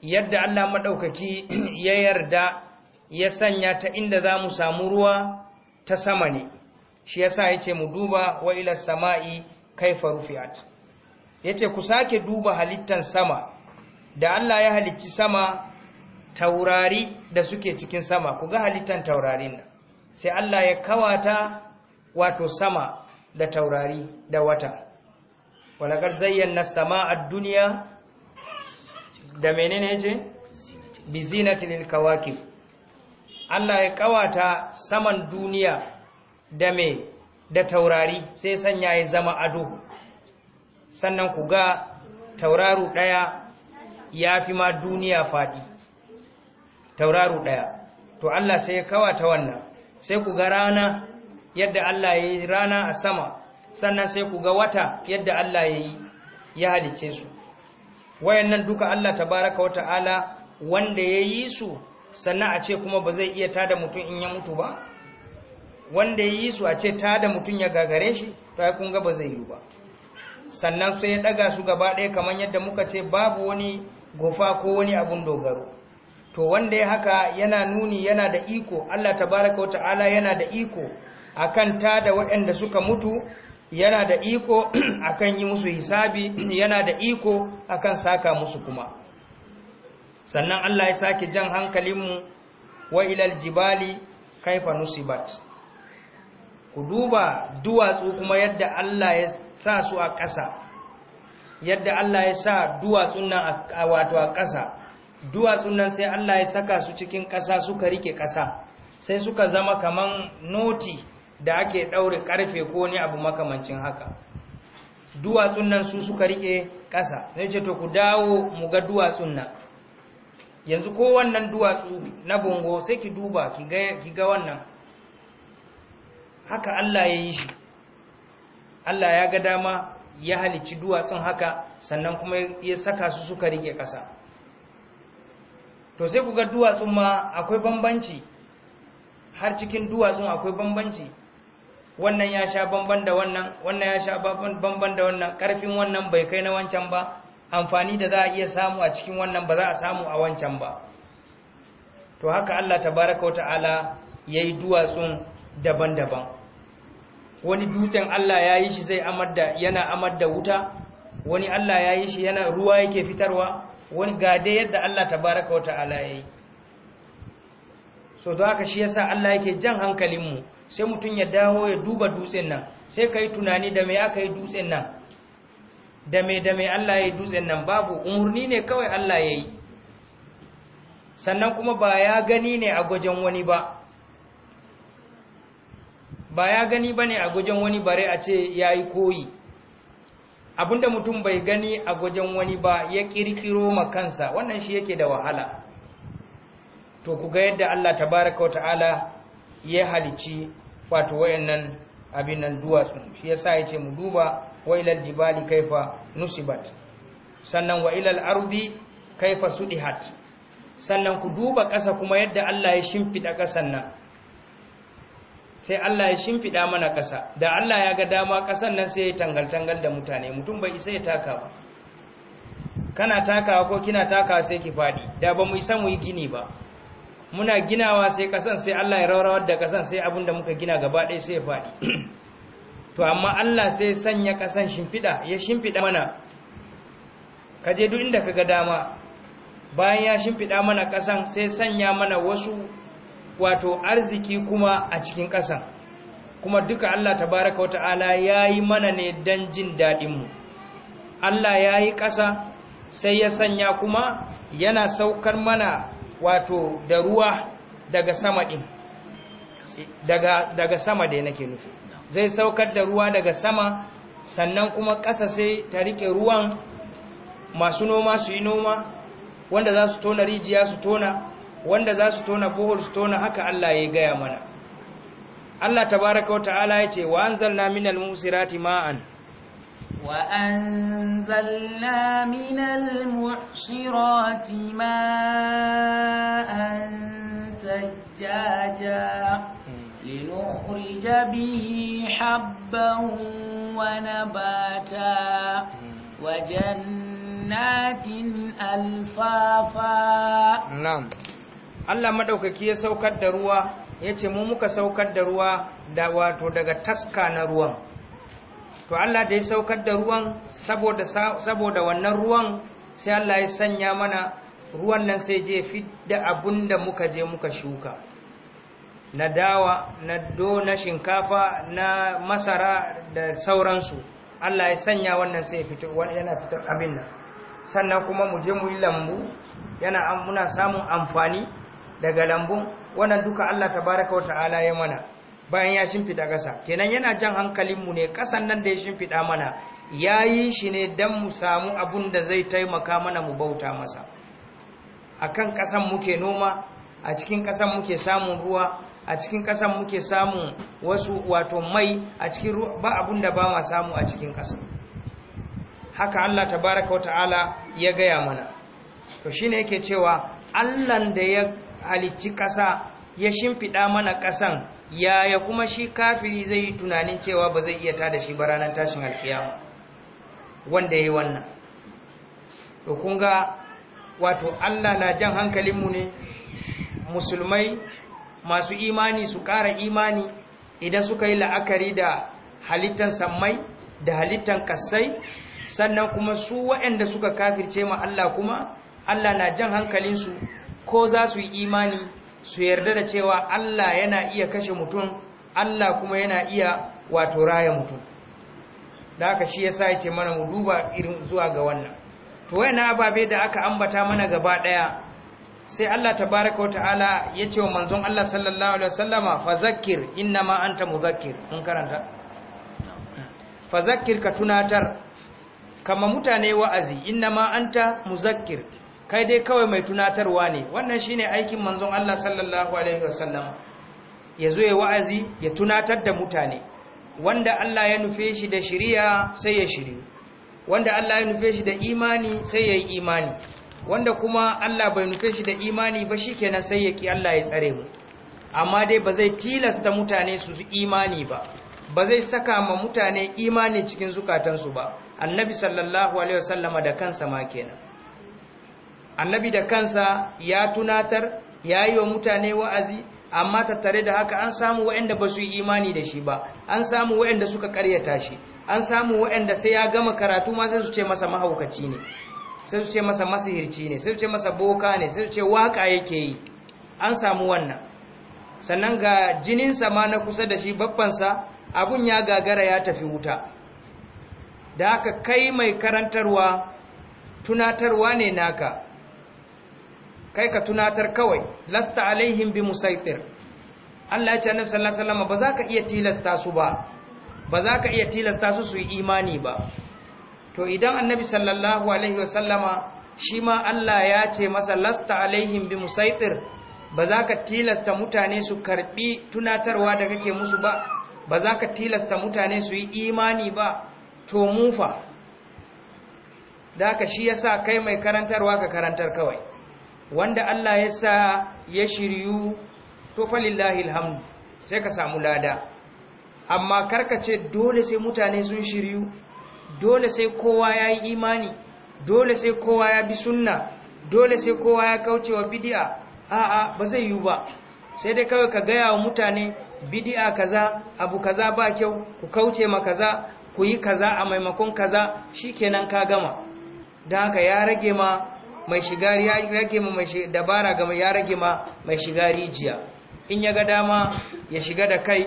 yadda Allah maɗaukaki ya yarda ya sanya ta inda za mu samu ruwa ta sama ne shi ya sa ya ce mu duba wa ilar sama'i kai rufiat ya ce ku sake duba halittan sama da Allah ya halicci sama taurari da suke cikin sama ku ga halittan taurarin nan sai Allah ya kawata wato sama da taurari da wata walakar zayyana sama a duniya da menene ce bizinatin al-kawakib Allah ya kawata saman duniya da me da taurari sai sanya ya zama ado sannan ku ga tauraru ɗaya ya fi ma duniya faɗi Tauraru ɗaya to Allah sai ya ta wannan sai ku ga rana yadda Allah ya yi rana a sama sannan sai ku ga wata yadda Allah ya yi ya halice su wayannan duka Allah tabaraka wa ta'ala wanda ya yi su sannan a ce kuma ba zai iya tada mutum in ya mutu ba wanda ya yi su a ce tada mutum ya gagare shi to ai kun ga ba zai yi ba sannan sai ya daga su gaba ɗaya kamar yadda muka ce babu wani gofa ko wani abun dogaro to wanda ya haka yana nuni yana da iko Allah tabaraka wa ta'ala yana da iko akan da waɗanda suka mutu yana da iko akan yi musu hisabi yana da iko akan saka musu kuma sannan Allah ya sake jan hankalinmu wa ilal jibali kaifa nusibat ku duba duwatsu kuma yadda Allah ya sa su a ƙasa yadda Allah ya sa duwatsun nan a wato a ƙasa duwatsun nan sai Allah ya saka su cikin ƙasa suka rike ƙasa sai suka zama kaman noti da ake ɗaure ƙarfe ko ni abu makamancin haka duwatsun nan su suka rike ƙasa sai ce to ku dawo mu ga duwatsun nan yanzu ko wannan duwatsu na bongo sai ki duba ki ga wannan haka Allah ya yi shi Allah ya ga dama ya halicci duwatsun haka sannan kuma ya saka su suka rike ƙasa to sai ku ga duwatsun ma akwai bambanci har cikin duwatsun akwai bambanci wannan ya sha bamban da wannan wannan ya sha bamban da wannan ƙarfin wannan bai kai na wancan ba amfani da za a iya samu a cikin wannan ba za a samu a wancan ba to haka Allah tabaraka wa ta'ala yayi duwatsun daban-daban wani dutsen Allah ya yi shi zai yana amar da wuta wani Allah ya yi shi yana ruwa yake fitarwa wani gade yadda Allah tabaraka wa ta'ala ya yi so don haka shi yasa Allah yake jan hankalinmu sai mutum ya dawo ya duba dutsen nan sai ka yi tunani da mai aka yi dutsen nan da mai da mai Allah ya yi dutsen nan babu umarni ne kawai Allah ya yi sannan kuma ba ya gani ne a gwajen wani ba ba ya gani ba ne a gujen wani bare a ce ya yi koyi abinda mutum bai gani a gujen wani ba ya ƙirƙiro makansa wannan shi yake da wahala to ku ga yadda Allah tabaraka wa ta'ala ya halici wato wayannan abin nan duwatsu shi yasa ce mu duba wa jibali kaifa nusibat sannan wa ilal ardi kaifa sudihat sannan ku duba ƙasa kuma yadda Allah ya shimfida ƙasan nan sai Allah ya shimfiɗa mana ƙasa da Allah ya ga dama ƙasan nan sai ya tangal-tangal da mutane mutum bai isa ya taka ba kana takawa ko kina takawa sai ki faɗi da ba mu isa mu yi gini ba muna ginawa sai ƙasan sai Allah ya rawar da ƙasan sai abin da muka gina gaba ɗaya sai ya faɗi to amma Allah sai sanya ƙasan shimfiɗa ya shimfiɗa mana ka je duk inda ka ga dama bayan ya shimfiɗa mana ƙasan sai sanya mana wasu wato arziki kuma a cikin ƙasa kuma duka Allah tabaraka wa ta'ala ya yi mana ne don jin daɗinmu Allah ya yi ƙasa sai ya sanya kuma yana saukar mana wato da ruwa daga sama ɗin daga, sama da nake nufi zai saukar da ruwa daga sama sannan kuma ƙasa sai ta riƙe ruwan masu noma su yi noma wanda za su tona rijiya su tona wanda za su tona bohol su tona haka Allah ya gaya mana Allah tabaraka wa ta'ala ya ce wa anzalna minal musirati ma'an wa anzalna minal mu'shirati ma'an tajjaja linukhrij bihi habban wa nabata wa jannatin alfafa na'am Allah madaukaki ya saukar da ruwa ya ce mu muka saukar da ruwa da wato daga taska na ruwan to Allah da ya saukar da ruwan saboda saboda wannan ruwan sai Allah ya sanya mana ruwan nan sai je fidda abunda muka je muka shuka na dawa na do na shinkafa na masara da sauransu Allah ya sanya wannan sai fito yana fitar abin nan sannan kuma mu je mu yi lambu yana muna samun amfani daga lambun wannan duka Allah tabaraka wa ta'ala ya mana bayan ya shimfida ƙasa kenan yana jan hankalinmu ne ƙasan nan da ya shimfiɗa mana ya yi shi ne don mu samu abun da zai taimaka mana mu bauta masa a kan ƙasan muke noma a cikin ƙasan muke samun ruwa a cikin ƙasan muke samun wasu wato mai a cikin ruwa ba abun da ba ma samu a cikin ƙasa haka Allah tabaraka wa ta'ala ya gaya mana to shine yake cewa Allah da ya halicci ƙasa ya shimfiɗa mana ƙasan yaya kuma shi kafiri zai yi tunanin cewa ba zai iya tada shi ba ranar tashin alkiyama wanda ya yi wannan to kunga wato allah na jan hankalinmu ne musulmai masu imani su ƙara imani idan suka yi la'akari da halittan sammai da halittan kassai sannan kuma su waɗanda suka kafirce ma allah kuma allah na jan hankalinsu ko za su yi imani su yarda da cewa Allah yana iya kashe mutum Allah kuma yana iya wato raya mutum da aka shi ya ya yace mana mu duba irin zuwa ga wannan to na ababe da aka ambata mana gaba daya sai Allah tabaaraka wa ta'ala ce wa manzon Allah sallallahu alaihi wasallama fazakkir innama anta muzakkir mun karanta fazakkir ka tunatar kama mutane wa'azi innama anta muzakkir kai dai kawai mai tunatarwa ne wannan shine aikin manzon Allah sallallahu alaihi wasallam ya zo ya wa'azi ya tunatar da mutane wanda Allah ya nufe shi da shiriya sai ya shiryu wanda Allah ya nufe shi da imani sai ya yi imani wanda kuma Allah bai nufe shi da imani ba shikenan sai ya ki Allah ya tsare mu amma dai ba zai tilasta mutane su imani ba ba zai saka ma mutane imani cikin zukatansu ba annabi sallallahu alaihi wasallama da kansa ma kenan annabi da kansa ya tunatar ya yi wa mutane wa'azi amma tattare da haka an samu waɗanda ba su yi imani da shi ba an samu waɗanda suka karyata shi an samu waɗanda sai ya gama karatu ma sai su ce masa mahaukaci ne sai su ce masa masihirci ne sai su ce masa boka ne sai su ce waka yake yi an samu wannan sannan ga jininsa ma na kusa da shi babbansa abun ya gagara ya tafi wuta da haka kai mai karantarwa tunatarwa ne naka kai ka tunatar kawai lasta alaihim bi musaitir Allah ya ce annabi sallallahu alaihi wasallam ba za ka iya tilasta su ba ba za ka iya tilasta su su yi imani ba to idan annabi sallallahu alaihi wasallama shi ma Allah ya ce masa lasta alaihim bi musaitir ba za ka tilasta mutane su karbi tunatarwa da kake musu ba ba za ka tilasta mutane su yi imani ba to mufa da ka shi yasa kai mai karantarwa ka karantar kawai wanda Allah ya sa ya shiryu to falillahi alhamdu sai ka samu lada amma ce dole sai mutane sun shiryu dole sai kowa ya yi imani dole sai kowa ya bi sunna dole sai kowa ya kauce wa bid'a a'a ba zai yiwu ba sai dai kawai ka gaya wa mutane bid'a kaza abu kaza ba kyau ku kauce ma kaza ku yi kaza a maimakon kaza shikenan ka gama don haka ya rage ma mai shigari ya rage ma mai dabara ga ya rage ma mai shigari jiya in ya ga dama ya shiga da kai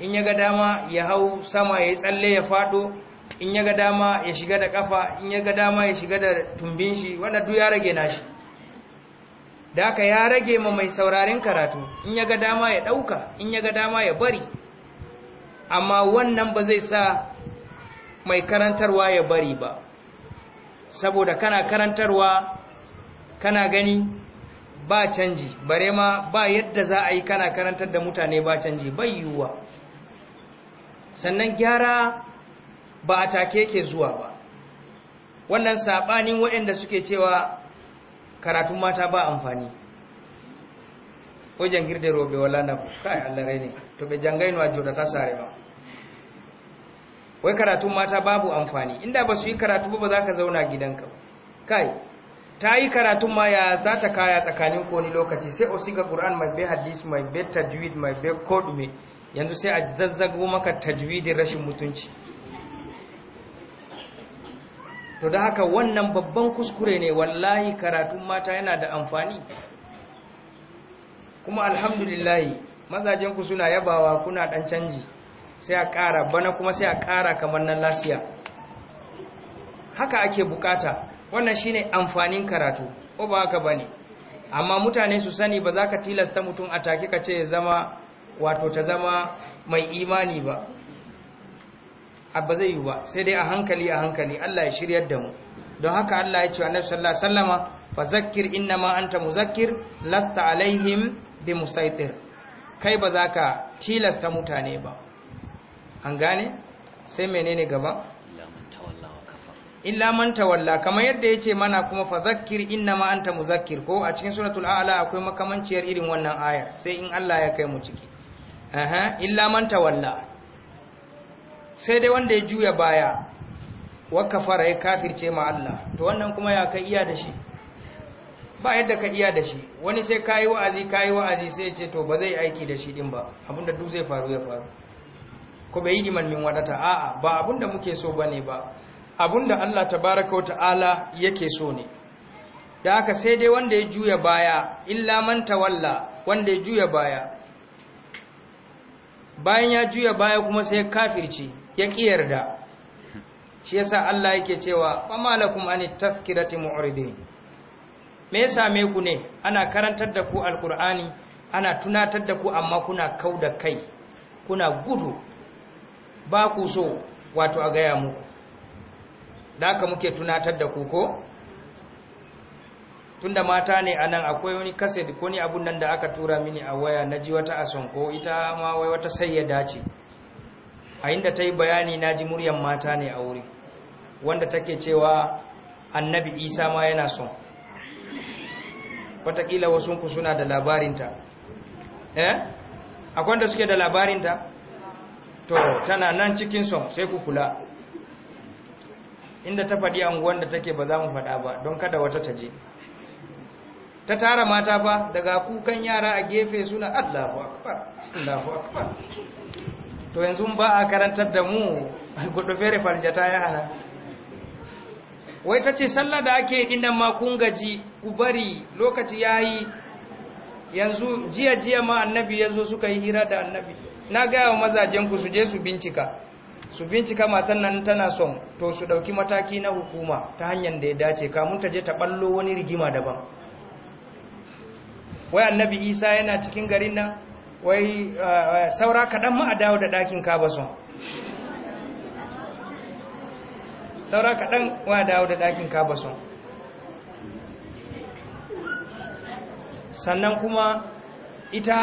in ya ga dama ya hau sama ya tsalle ya fado in ya ga dama ya shiga da kafa in ya ga dama ya shiga da tumbin shi wanda duk ya rage nashi da ka ya rage ma mai sauraren karatu in ya ga dama ya dauka in ya ga dama ya bari amma wannan ba zai sa mai karantarwa ya bari ba saboda kana karantarwa kana gani ba canji bare ma ba yadda za a yi kana karantar da mutane ba canji bai yiwuwa sannan gyara ba a take ke zuwa ba wannan saɓanin waɗanda suke cewa karatun mata ba amfani wajen jangir da robe wala na kai Allah rai ne to be jangai a ajoda ta sare ba wai karatun mata babu amfani inda ba su yi karatu ba za ka zauna gidanka kai ta yi karatun ma za ta kaya tsakanin koni lokaci sai o siga ƙur'an mai bai hadis mai bai tajwid mai bai mai yanzu sai a zazzago maka tajwidin rashin mutunci to da haka wannan babban kuskure ne wallahi karatun mata yana da amfani kuma alhamdulillahi mazajenku suna yabawa kuna dan canji sai a ƙara bana kuma sai a ƙara kamar nan lasiya haka ake bukata wannan shine amfanin karatu ko ba haka bane amma mutane su sani ba za ka tilasta mutum a take ka ce zama wato ta zama mai imani ba abba zai yi ba sai dai a hankali a hankali Allah ya shiryar da mu don haka Allah ya ce wa annabi sallallahu alaihi wasallama inna ma anta muzakkir lasta alaihim musaitir kai ba za ka tilasta mutane ba an gane sai menene gaba illa man tawalla kamar yadda yace mana kuma fadhakkir innama anta muzakkir ko a cikin suratul a'la akwai makamanciyar irin wannan aya sai in Allah ya kai mu ciki aha illa man tawalla sai dai wanda ya juya baya wa kafara ya kafirce ma Allah to wannan kuma ya kai iya da shi ba yadda ka iya da shi wani sai kayi wa'azi kayi wa'azi sai yace to ba zai aiki da shi din ba abinda duk zai faru ya faru ko bai yi min wadata a'a ba abinda muke so bane ba Abun da Allah tabaraka wata'ala yake so ne da aka sai dai wanda ya juya baya illa man tawalla wanda ya juya baya bayan ya juya baya kuma sai ya kafirci ya kiyarda shi yasa Allah yake cewa fama lakum anit tafkirati mu'ridin me ya same ku ne ana karantar da ku alkur'ani ana tunatar da ku amma kuna kau da kai kuna gudu ba ku so wato a gaya muku da haka muke tunatar da ku ko tunda mata ne anan akwai wani kaset ko ni abun nan da aka tura mini a waya na ji wata asonko ita ma wai wata sayyada dace. a inda ta yi bayani na ji muryan mata ne a wuri wanda take cewa annabi isa ma yana son watakila wasunku suna da labarinta eh akwai da suke da labarinta to tana nan cikin son sai ku kula inda ta faɗi anguwan da take ba za mu faɗa ba don kada wata ta je ta tara mata ba daga kukan yara a gefe suna Allahu akbar Allahu akbar to yanzu ba a karantar da mu gudu fere farjata ya hana wai ta ce sallah da ake inan ma kun gaji ku bari lokaci ya yi, yanzu jiya jiya ma annabi yazo suka yi hira da annabi na gaya wa mazajen ku su je su bincika su bincika matan nan tana son to su ɗauki mataki na hukuma ta hanyar da ya dace kamun ta je ta ɓallo wani rigima daban wai annabi isa yana cikin garin nan wai saura kaɗan ma a dawo da ɗakin kaba son saura kaɗan wa dawo da ɗakin kaba son sannan kuma ita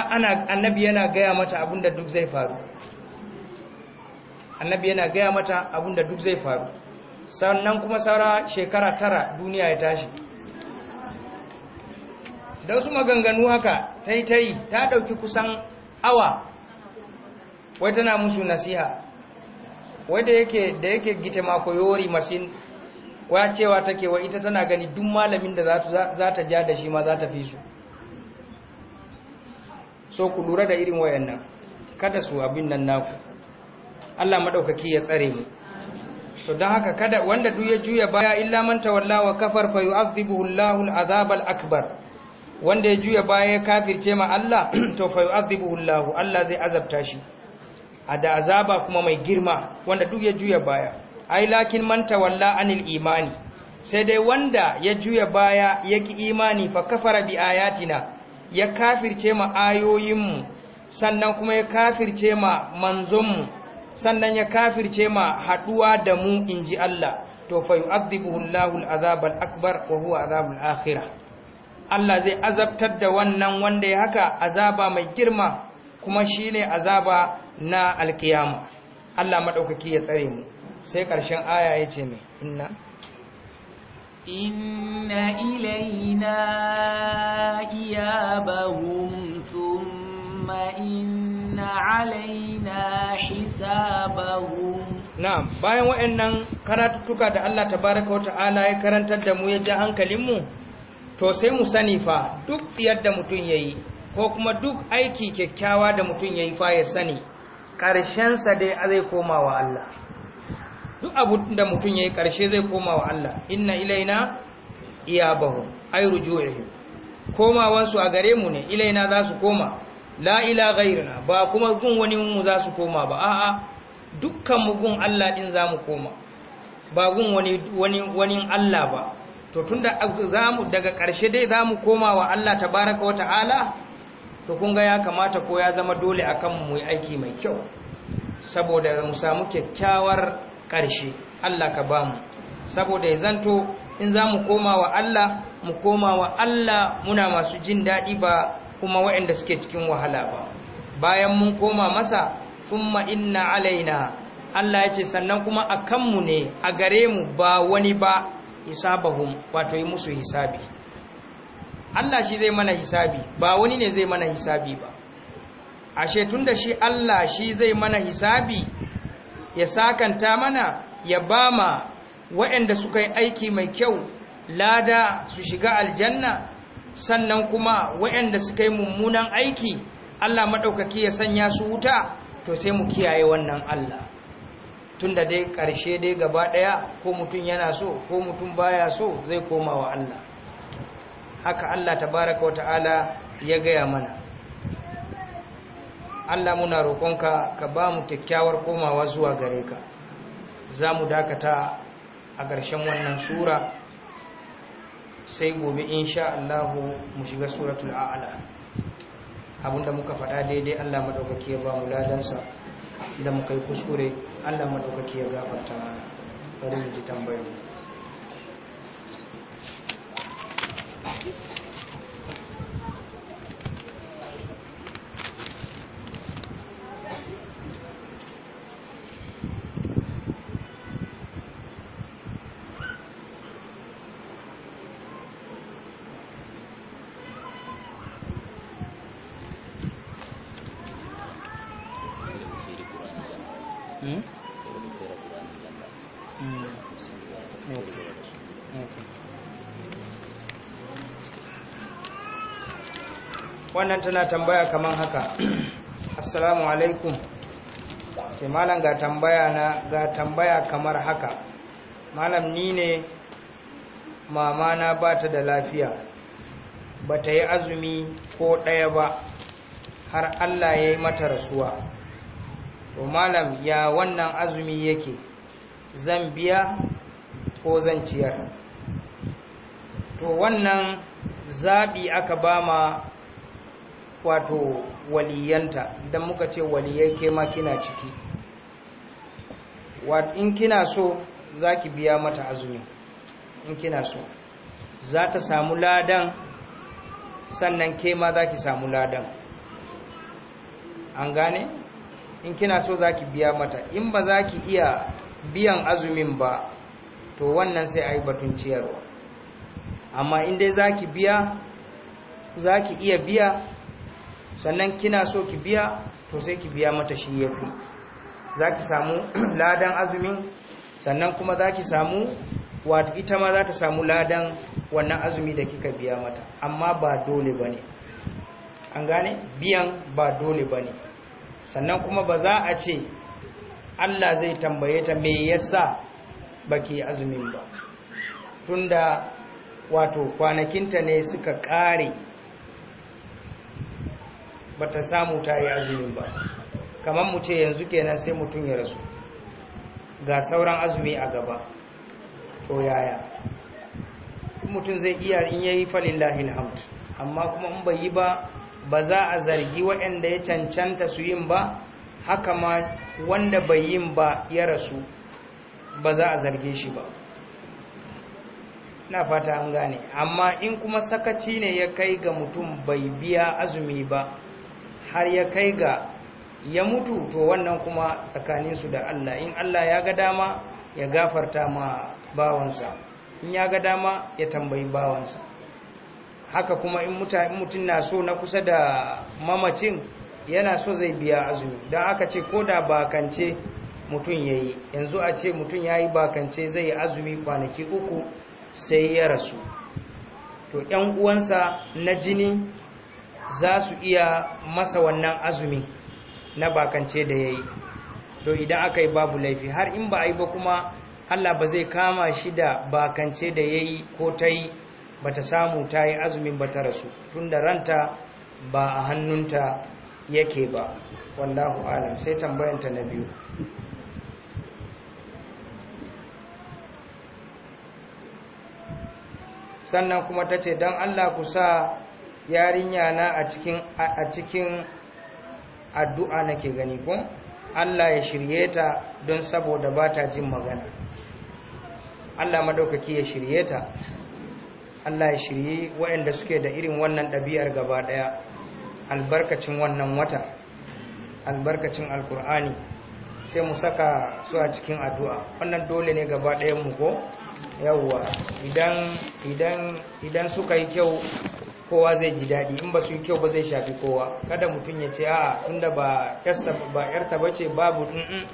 annabi yana gaya mata abinda duk zai faru annabi yana gaya mata abin da duk zai faru sannan kuma saura shekara tara duniya ya tashi da su maganganu haka ta yi ta yi ta ɗauki kusan awa wai tana musu nasiha wai da yake da yake gita yori masin wai cewa take wa ita tana gani duk malamin da za ta ja da shi ma za ta fi su so ku lura da irin wayannan kada su abin nan naku Allah madaukaki ya tsare mu to don haka kada wanda duk ya juya baya illa man tawalla wa kafar fa yu'adhibuhu Allahu al-azab al-akbar wanda ya juya baya ya kafirce ma Allah to fa yu'adhibuhu Allahu Allah zai azabta shi da azaba kuma mai girma wanda duk ya juya baya ai lakin man tawalla anil imani sai dai wanda ya juya baya yaki imani fa kafara bi ayatina ya kafirce ma ayoyinmu sannan kuma ya kafirce ma manzonmu sannan ya kafirce ma haduwa da mu in ji Allah to fa yu'adhibuhu Allahu al-azab al-akbar wa huwa al akhirah Allah zai azabtar da wannan wanda ya haka azaba mai girma kuma shine azaba na alkiyama Allah madaukaki ya tsare mu sai karshen aya yace me inna inna ilaina iyabahum thumma inna علينا حسابهم na'am bayan waɗannan karatuttuka da Allah tabaraka wata'ala ya karantar da mu ya ja hankalinmu to sai mu sani fa duk tsiyar da mutum yayi ko kuma duk aiki kyakkyawa da mutum yayi fa ya sani sa dai zai koma wa Allah duk abu da mutun yayi ƙarshe zai koma wa Allah inna ilaina iyabahu ay ruju'ihim komawansu a gare mu ne ilaina za su koma la ila ghairina ba kuma gun wani mu za su koma ba a'a dukkan mu gun Allah din za mu koma ba gun wani wani wani Allah ba to tunda mu daga ƙarshe dai za mu koma wa Allah tabaraka wa ta'ala to kun ga ya kamata ko ya zama dole akan mu yi aiki mai kyau saboda mu samu kyakkyawar karshe Allah ka bamu saboda ya zanto in za mu koma wa Allah mu koma wa Allah muna masu jin daɗi ba kuma waɗanda suke cikin wahala ba bayan mun koma masa thumma inna alaina Allah yace sannan kuma a kanmu ne a gare mu ba wani ba hisabahum wato yi musu hisabi Allah shi zai mana hisabi ba wani ne zai mana hisabi ba ashe tunda shi Allah shi zai mana hisabi ya sakanta mana ya bama waɗanda suka yi aiki mai kyau lada su shiga aljanna sannan kuma waɗanda suka yi mummunan aiki Allah maɗaukaki ya sanya su wuta to sai mu kiyaye wannan Allah tunda dai ƙarshe dai gaba ɗaya ko mutum yana so ko mutum baya so zai koma wa Allah haka Allah tabaraka wa ta'ala ya gaya mana Allah muna roƙonka ka ba mu kyakkyawar komawa zuwa gare ka za mu dakata a ƙarshen wannan sura sey gobe incha allahu mu shiga suratul a'la abinda muka faɗa daidai allah maɗaukaki ya ba mu ladansa idan muka yi kuskure allah maɗaukaki ya gafarta bari mu ji tambayoyi tana tambaya kamar haka assalamu alaikum ke malam ga tambaya na ga tambaya kamar haka malam ni ne mama na ba ta da lafiya ba ta yi azumi ko ɗaya ba har Allah ya yi mata rasuwa to malam ya wannan azumi yake zan biya ko zan ciyar to wannan zaɓi aka ba ma wato waliyanta idan muka ce waliyai ke ma kina ciki in kina so za ki biya mata azumi in kina so za ta samu ladan sannan ke ma za ki samu ladan an gane in kina so za ki biya mata in ba za ki iya biyan azumin ba to wannan sai a yi batun ciyarwa amma in dai za ki biya za ki iya biya sannan kina so ki biya to sai ki biya mata shi ya fi. za ki samu ladan azumin sannan kuma za ki samu wato ita ma za ta samu ladan wannan azumi da kika biya mata amma ba dole ba ne an gane biyan ba dole ba ne sannan kuma ba za a ce allah zai tambaye ta me yasa baki azumin ba tunda wato kwanakinta ne suka kare. Bata ta samu ta yi azumi ba kamar mu ce yanzu kenan sai mutum ya rasu ga sauran azumi a gaba to yaya mutum zai iya in yayi falillahi alhamd amma kuma in bai yi ba ba za a zargi waɗanda ya cancanta su yin ba haka ma wanda bai yin ba ya rasu ba za a zarge shi ba na fata an gane amma in kuma sakaci ne ya kai ga mutum bai biya azumi ba har ya kai ga ya mutu to wannan kuma tsakaninsu da Allah in Allah ya ga dama ya gafarta ma bawansa in ya ga dama ya tambayi bawansa haka kuma in mutum na so na kusa da mamacin yana so zai biya azumi don aka ce ko da bakance mutum ya yi yanzu a ce mutum ya yi bakance zai yi azumi kwanaki uku sai ya rasu to ‘yan uwansa na jini za su iya masa wannan azumi na bakance da ya yi to idan aka yi babu laifi har in ba a yi ba kuma allah ba zai kama shi da bakance da ya yi ko ta yi ba ta samu ta yi azumin ba ta rasu tun da ranta ba a hannunta yake ba wallahu alam sai tambayanta na biyu sannan kuma ta ce don allah ku sa yarinya na a cikin a cikin addu'a nake gani ko Allah ya shirye ta don saboda ba ta jin magana Allah madaukaki ya shirye ta Allah ya shirye waɗanda suke da irin wannan ɗabi'ar gaba ɗaya albarkacin wannan wata albarkacin alkur'ani sai mu saka su a cikin addu'a wannan dole ne gaba ɗayan mu ko yawwa idan idan idan suka yi kyau kowa zai ji daɗi in ba su yi kyau ba zai shafi kowa kada mutum ya ce a'a tunda ba yarsa ba ce babu ɗin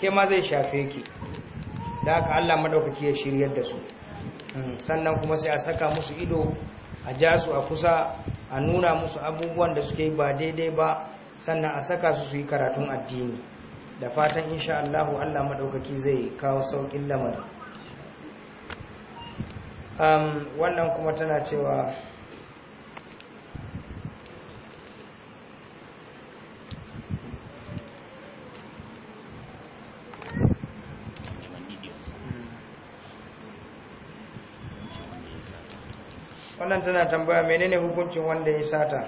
ke ma zai shafe ki da haka allah maɗaukaki ya shiryar da su mm, sannan kuma sai a saka musu ido a ja su a kusa a nuna musu abubuwan da suke ba daidai ba sannan a saka su su yi karatun addini da fatan insha allahu allah maɗaukaki zai kawo sauƙin lamarin um, wannan kuma tana cewa wannan tana tambaya menene hukuncin wanda ya sata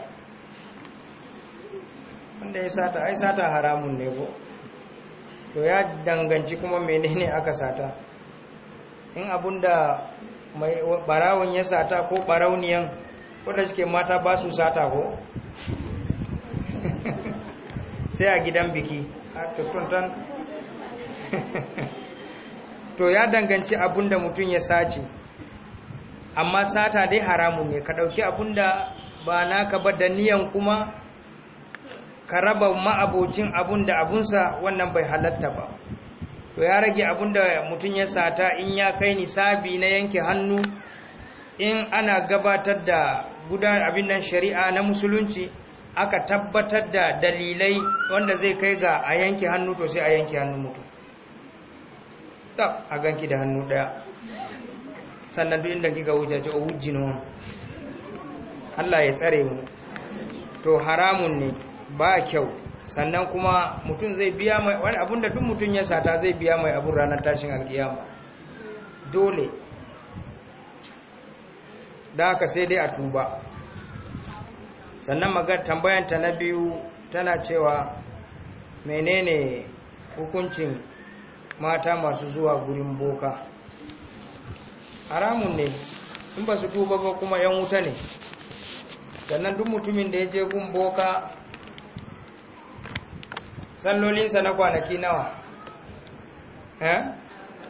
wanda ya sata ai sata haramun ne ko to ya danganci kuma menene aka sata in abunda mai barawun ya sata ko barauniyan wanda suke mata ba su sata ko sai a gidan biki a tuntun to ya danganci abunda mutum ya sace amma sata dai haramun ne ka ɗauki abun da ba ka ba da niyan kuma ka raba ma'abocin abun da abunsa wannan bai halatta ba to ya rage abun da mutum ya sata in ya kai nisabi na yanke hannu in ana gabatar da guda abin nan shari'a na musulunci aka tabbatar da dalilai wanda zai kai ga a yanke hannu to sai a yanke hannu mutum Ta a ganki da hannu ɗaya. sannan duk inda kika wuce ce wujjinon oh, Allah ya tsare mu to haramun ne ba kyau sannan kuma mutum zai biya mai wani abun da duk mutum ya sata zai biya mai abun ranar tashin alkiyama dole da haka sai dai a tuba sannan magar tambayanta na biyu tana cewa menene hukuncin mata masu zuwa gurin boka haramun ne in ba su tuba ba kuma yan wuta ne sannan duk mutumin da ya je gun boka sallolinsa na kwanaki nawa eh?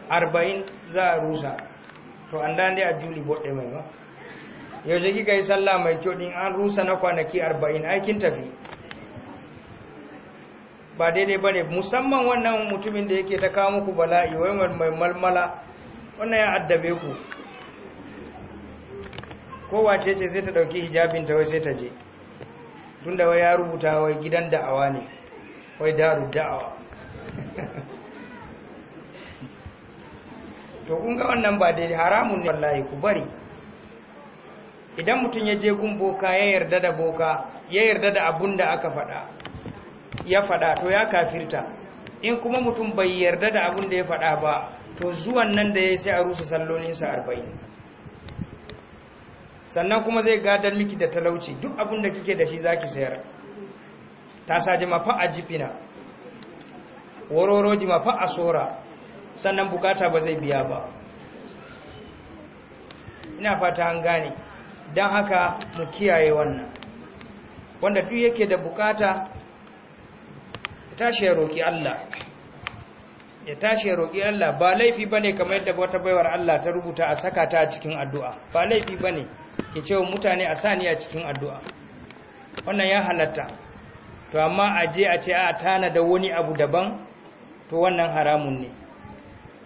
arba'in za a rusa to an dande a juli boɗe mai ba yaushe kika yi sallah mai kyau din an rusa na kwanaki arba'in aikin tafi ba daidai ba ne musamman wannan mutumin da yake ta kawo muku bala'i wai mai malmala wannan ya addabe ku kowace ce sai ta ɗauki hijabin ta wai sai ta je tun da wai ya rubuta wai gidan da'awa ne wai daru da'awa to kun ga wannan ba daidai haramun ne wallahi ku bari idan mutum ya je gun boka ya yarda da boka ya yarda da abun da aka faɗa ya faɗa to ya kafirta in kuma mutum bai yarda da abun da ya faɗa ba to zuwan nan da ya sai a rusa sallolinsa arba'in sannan kuma zai gadar miki da talauci duk abin da kike da shi za ki sayar ta saji mafa a jifina waroroji mafa a sora sannan bukata ba zai biya ba ina fata an gane don haka mu kiyaye wannan wanda duk yake da bukata tashi ya roƙi Allah ya tashi ya roƙi Allah ba laifi bane kamar yadda wata baiwar Allah ta rubuta a saka ta a cikin addu'a ba laifi bane ke ce mutane a sani a cikin addu'a wannan ya halatta to amma a je a ce a tana da wani abu daban to wannan haramun ne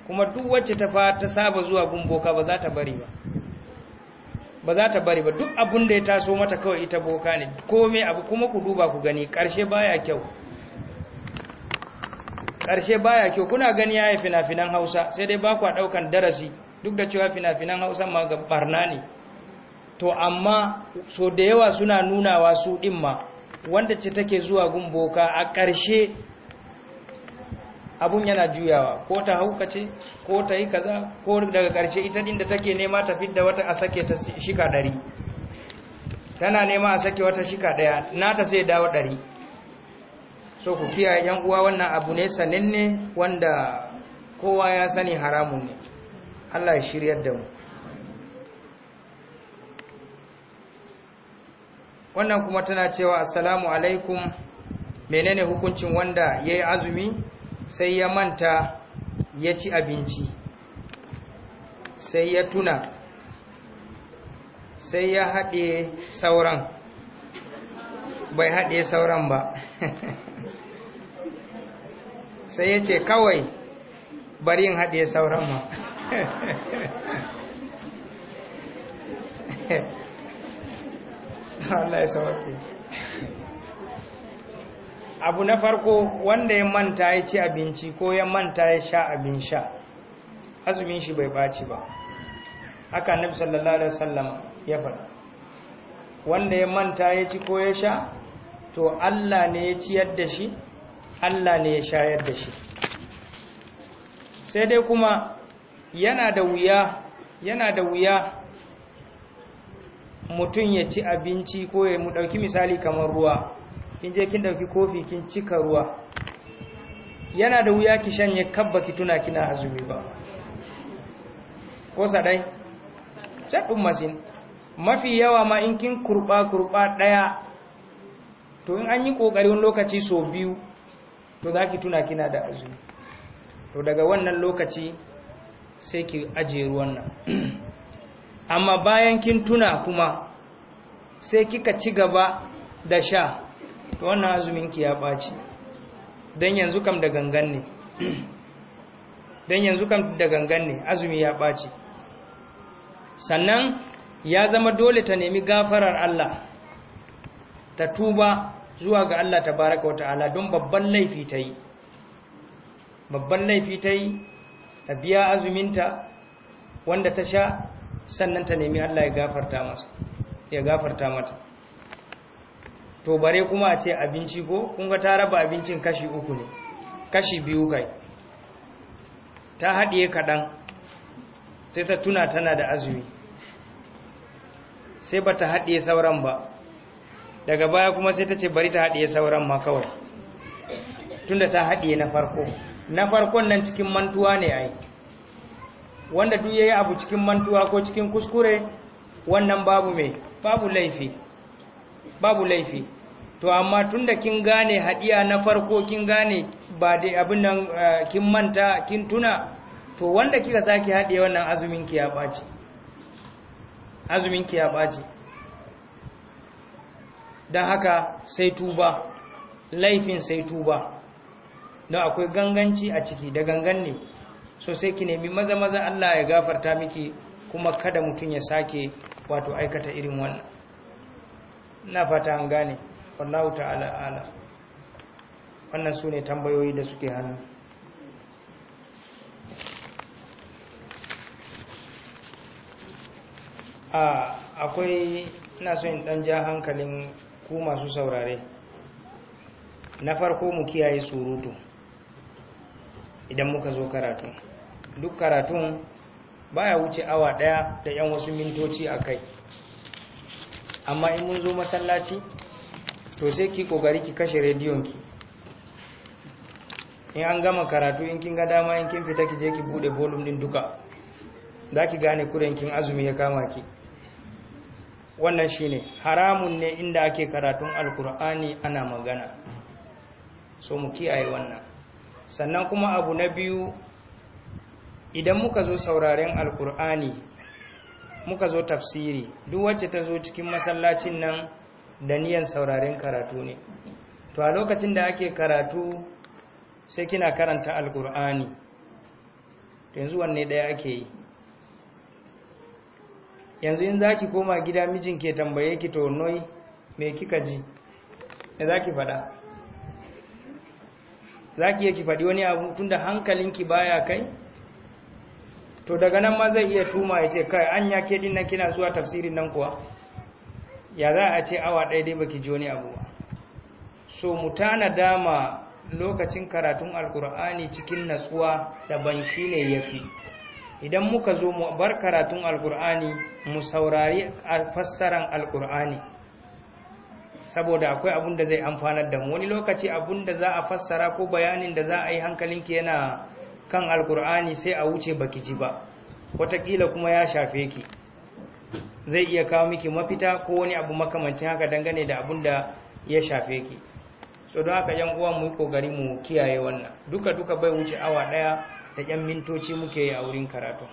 kuma duk wacce ta fa ta saba zuwa gumboka ba za ta bari ba ba za ta bari ba duk abun da ya taso mata kawai ita boka ne komai abu kuma ku duba ku gani ƙarshe baya kyau karshe baya kyau kuna gani yayi yi finan Hausa sai dai ba ku daukan darasi duk da cewa finafinan Hausa ma ga barna ne to amma so da yawa suna nunawa su din wanda ce take zuwa gumboka a ƙarshe abun yana juyawa ko ta hauka ce ko ta yi kaza ko daga ƙarshe ita din da take nema ta fidda wata a sake ta shika ɗari tana nema a sake wata shika ɗaya nata sai dawo ɗari so ku kiyaye yan uwa wannan abu ne sananne wanda kowa ya sani haramun ne Allah ya shiryar da mu wannan kuma tana cewa assalamu alaikum menene hukuncin wanda yayi azumi sai ya manta ya ci abinci sai ya tuna sai ya haɗe sauran bai haɗe sauran ba sai ya ce kawai bari yin haɗe sauran ma Allah ya sauke abu na farko wanda ya manta ya ci abinci ko ya manta ya sha abin sha azumin shi bai baci ba haka nabi sallallahu alaihi wasallam ya faɗa wanda ya manta ya ci ko ya sha to Allah ne ya ciyar da shi Allah ne ya shayar da shi sai dai kuma yana da wuya yana da wuya mutum ya ci abinci ko ya mu ɗauki misali kamar ruwa kin je kin ɗauki kofi kin cika ruwa yana da wuya ki shanye kabba ki tuna kina azumi ba ko sadai shaɗin masin mafi yawa ma in kin kurɓa kurɓa ɗaya to in an yi ƙoƙari wani lokaci so biyu to za ki tuna kina da azumi to daga wannan lokaci sai ki ajiye ruwan nan amma bayan kin tuna kuma sai kika ci gaba da sha to wannan azuminki ya ɓaci dan yanzu kam da gangan ne don yanzu kam da gangan ne azumi ya baci sannan ya zama dole ta nemi gafarar Allah ta tuba zuwa ga Allah tabaraka wata'ala don babban laifi ta yi babban laifi ta yi ta biya azuminta wanda ta sha sannan ta nemi Allah ya gafarta mata to bare kuma a ce abinci ko kun ta raba abincin kashi uku ne kashi biyu kai ta haɗe kaɗan sai ta tuna tana da azumi sai ba ta haɗe sauran ba daga baya kuma sai ta ce bari ta haɗiye sauran ma kawai tunda ta haɗiye na farko na farkon nan cikin mantuwa ne ai wanda duk yayi abu cikin mantuwa ko cikin kuskure wannan babu mai, babu laifi babu laifi to amma tunda kin gane hadiya na farko kin gane ba dai abin nan eh, kin manta kin tuna to wanda kika saki haɗiye wannan azumin ki ya baci azumin ki ya baci don haka sai tuba laifin sai tuba don akwai ganganci a ciki da gangan ne so sai ki nemi maza maza Allah ya gafarta miki kuma kada mutum ya sake wato aikata irin wannan na fata an gane wallahu ta'ala ala wannan su ne tambayoyi da suke hannu ah, akwai ina so in dan ja hankalin ku masu saurare na farko mu kiyaye surutu idan muka zo karatu duk karatun baya wuce awa daya da yan wasu mintoci a kai amma in mun zo masallaci to sai ki kokari ki kashe rediyonki in an gama karatu in kin ga dama in kin fita ki je ki bude volume din duka za ki gane kudin kin azumi ya kama ki wannan shine haramun ne inda ake karatun alkur'ani ana magana so mu kiyaye wannan sannan kuma abu na biyu idan muka zo sauraren alkur'ani muka zo tafsiri duk wacce ta zo cikin masallacin nan da niyan sauraren karatu ne to a lokacin da ake karatu sai kina karanta alkur'ani yanzu wanne daya ake yi yanzu in za ki koma gida mijin ke tambaye ki to noi me kika ji da za ki faɗa za ki ki faɗi wani abu tunda hankalinki baya kai to daga nan ma zai iya tuma ya ce kai an ya ke dinnan kina zuwa tafsirin nan kuwa ya za a ce awa ɗaya dai baki ji wani abu ba so mu tana dama lokacin karatun alkur'ani cikin natsuwa da banki ne ya fi idan muka zo mu bar karatun alkur'ani mu saurari fassaran alkur'ani saboda akwai abun da zai amfanar da mu wani lokaci abun da za a fassara ko bayanin da za a yi hankalinki yana kan alkur'ani sai a wuce baki ji ba watakila kuma ya shafe ki zai iya kawo miki mafita ko wani abu makamancin haka dangane da abun da ya shafe ki so don haka yan uwa mu yi kokari mu kiyaye wannan duka duka bai wuce awa daya da ƴan mintoci muke yi a wurin karatu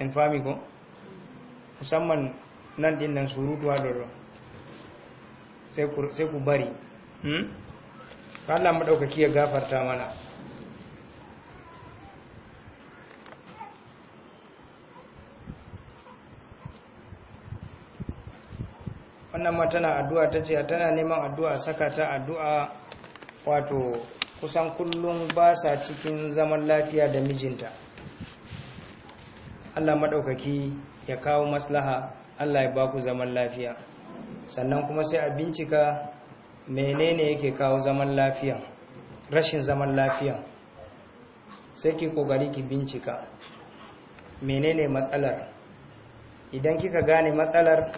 in fami ko musamman nan ɗin nan a doro sai ku bari hmm? Allah maɗaukaki ya gafarta mana wannan ma tana addu'a ta ce tana neman addu'a saka ta addu'a wato kusan kullum ba sa cikin zaman lafiya da mijinta Allah maɗaukaki ya kawo maslaha Allah ya baku zaman lafiya sannan kuma sai a bincika menene yake kawo zaman lafiya rashin zaman lafiya sai ki kokari ki bincika menene matsalar idan kika gane matsalar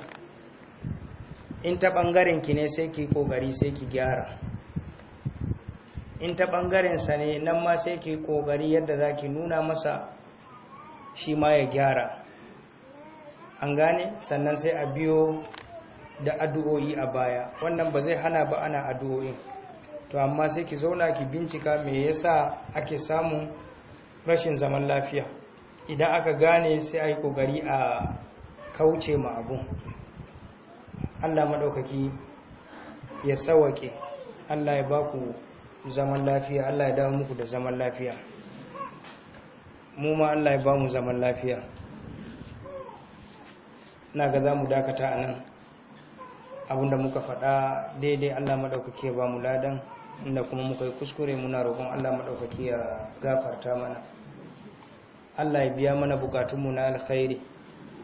in ta ɓangaren ki ne sai ki kokari sai ki gyara in ta ɓangarensa ne nan ma sai ke ƙoƙari yadda za ki nuna masa shi ma ya gyara an gane sannan sai a biyo da addu'o'i a baya wannan ba zai hana ba ana addu'o'i to amma sai ki zauna ki bincika me yasa ake samun rashin zaman lafiya idan aka gane sai a yi ƙoƙari a kauce ma abun allah maɗaukaki ya sawake allah ya baku zaman lafiya Allah ya dawo muku da zaman lafiya mu ma Allah ya ba mu zaman lafiya na ga za mu dakata a nan abinda muka faɗa daidai Allah maɗaukaki ya ba mu ladan inda kuma muka yi kuskure muna roƙon Allah maɗaukaki ya gafarta mana Allah ya biya mana bukatunmu na alkhairi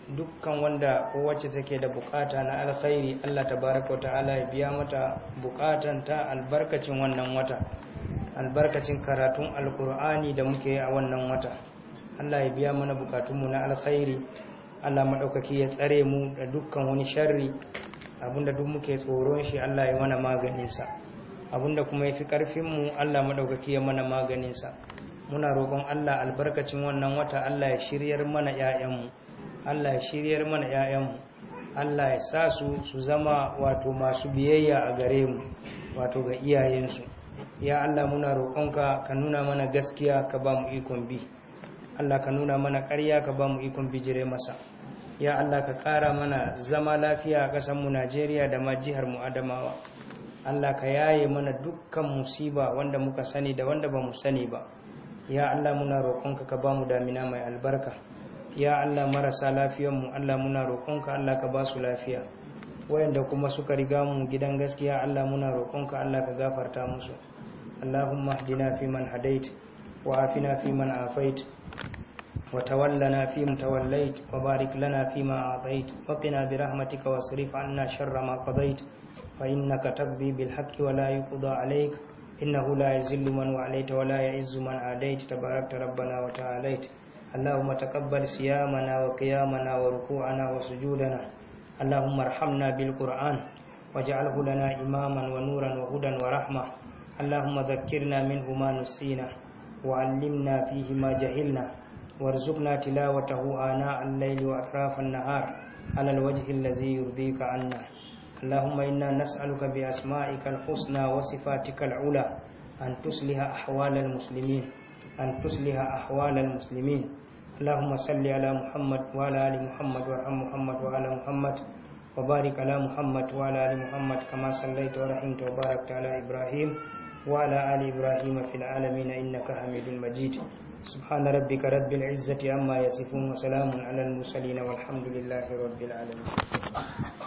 dukkan wanda kowace take da bukata na alkhairi Allah tabaraka wa ta'ala ya biya mata bukatan ta albarkacin wannan wata albarkacin karatun alkur'ani da muke a wannan wata Allah ya biya mana bukatunmu na alkhairi Allah maɗaukaki ya tsare mu da dukkan wani sharri abinda duk muke tsoron shi Allah ya mana maganin sa abinda kuma ya fi ƙarfinmu Allah maɗaukaki ya mana maganin sa muna roƙon Allah albarkacin wannan wata Allah ya shiryar mana 'ya'yanmu Allah ya shiryar mana 'ya'yanmu Allah ya sa su su zama wato masu biyayya a gare mu wato ga iyayensu ya Allah muna roƙonka ka nuna mana gaskiya ka ba mu ikon bi Allah ka nuna mana ƙarya ka ba mu ikon bijire masa ya Allah ka ƙara mana zama lafiya a ƙasar Najeriya da ma jihar mu Adamawa Allah ka yaye mana dukkan musiba wanda muka sani da wanda ba mu sani ba ya Allah muna roƙonka ka ba mu damina mai albarka ya Allah marasa lafiyanmu Allah muna roƙonka Allah ka ba su lafiya wayanda kuma suka riga mu gidan gaskiya Allah muna roƙonka Allah ka gafarta musu Allahumma hdina fi man hadait wa afina fi man afait wa tawallana fi man tawallait wa barik lana fi ma atait wa qina bi rahmatika wasrif anna sharra ma qadait fa innaka taqdi bil haqqi wa la yuqda alayk innahu la man walayta wa la ya'izzu man adait tabarakta rabbana wa ta'alait اللهم تقبل صيامنا وقيامنا وركوعنا وسجودنا اللهم ارحمنا بالقرآن واجعله لنا إماما ونورا وهدى ورحمة اللهم ذكرنا منه ما نسينا وعلمنا فيه ما جهلنا وارزقنا تلاوته آناء الليل وأطراف النهار على الوجه الذي يرضيك عنا اللهم إنا نسألك بأسمائك الحسنى وصفاتك العلى أن تصلح أحوال المسلمين أن تصلح أحوال المسلمين اللهم صل على محمد وعلى آل محمد وارحم محمد وعلى محمد وبارك على محمد وعلى آل محمد كما صليت ورحمت وباركت على إبراهيم وعلى آل إبراهيم في العالمين إنك حميد مجيد سبحان ربك رب العزة عما يصفون وسلام على المرسلين والحمد لله رب العالمين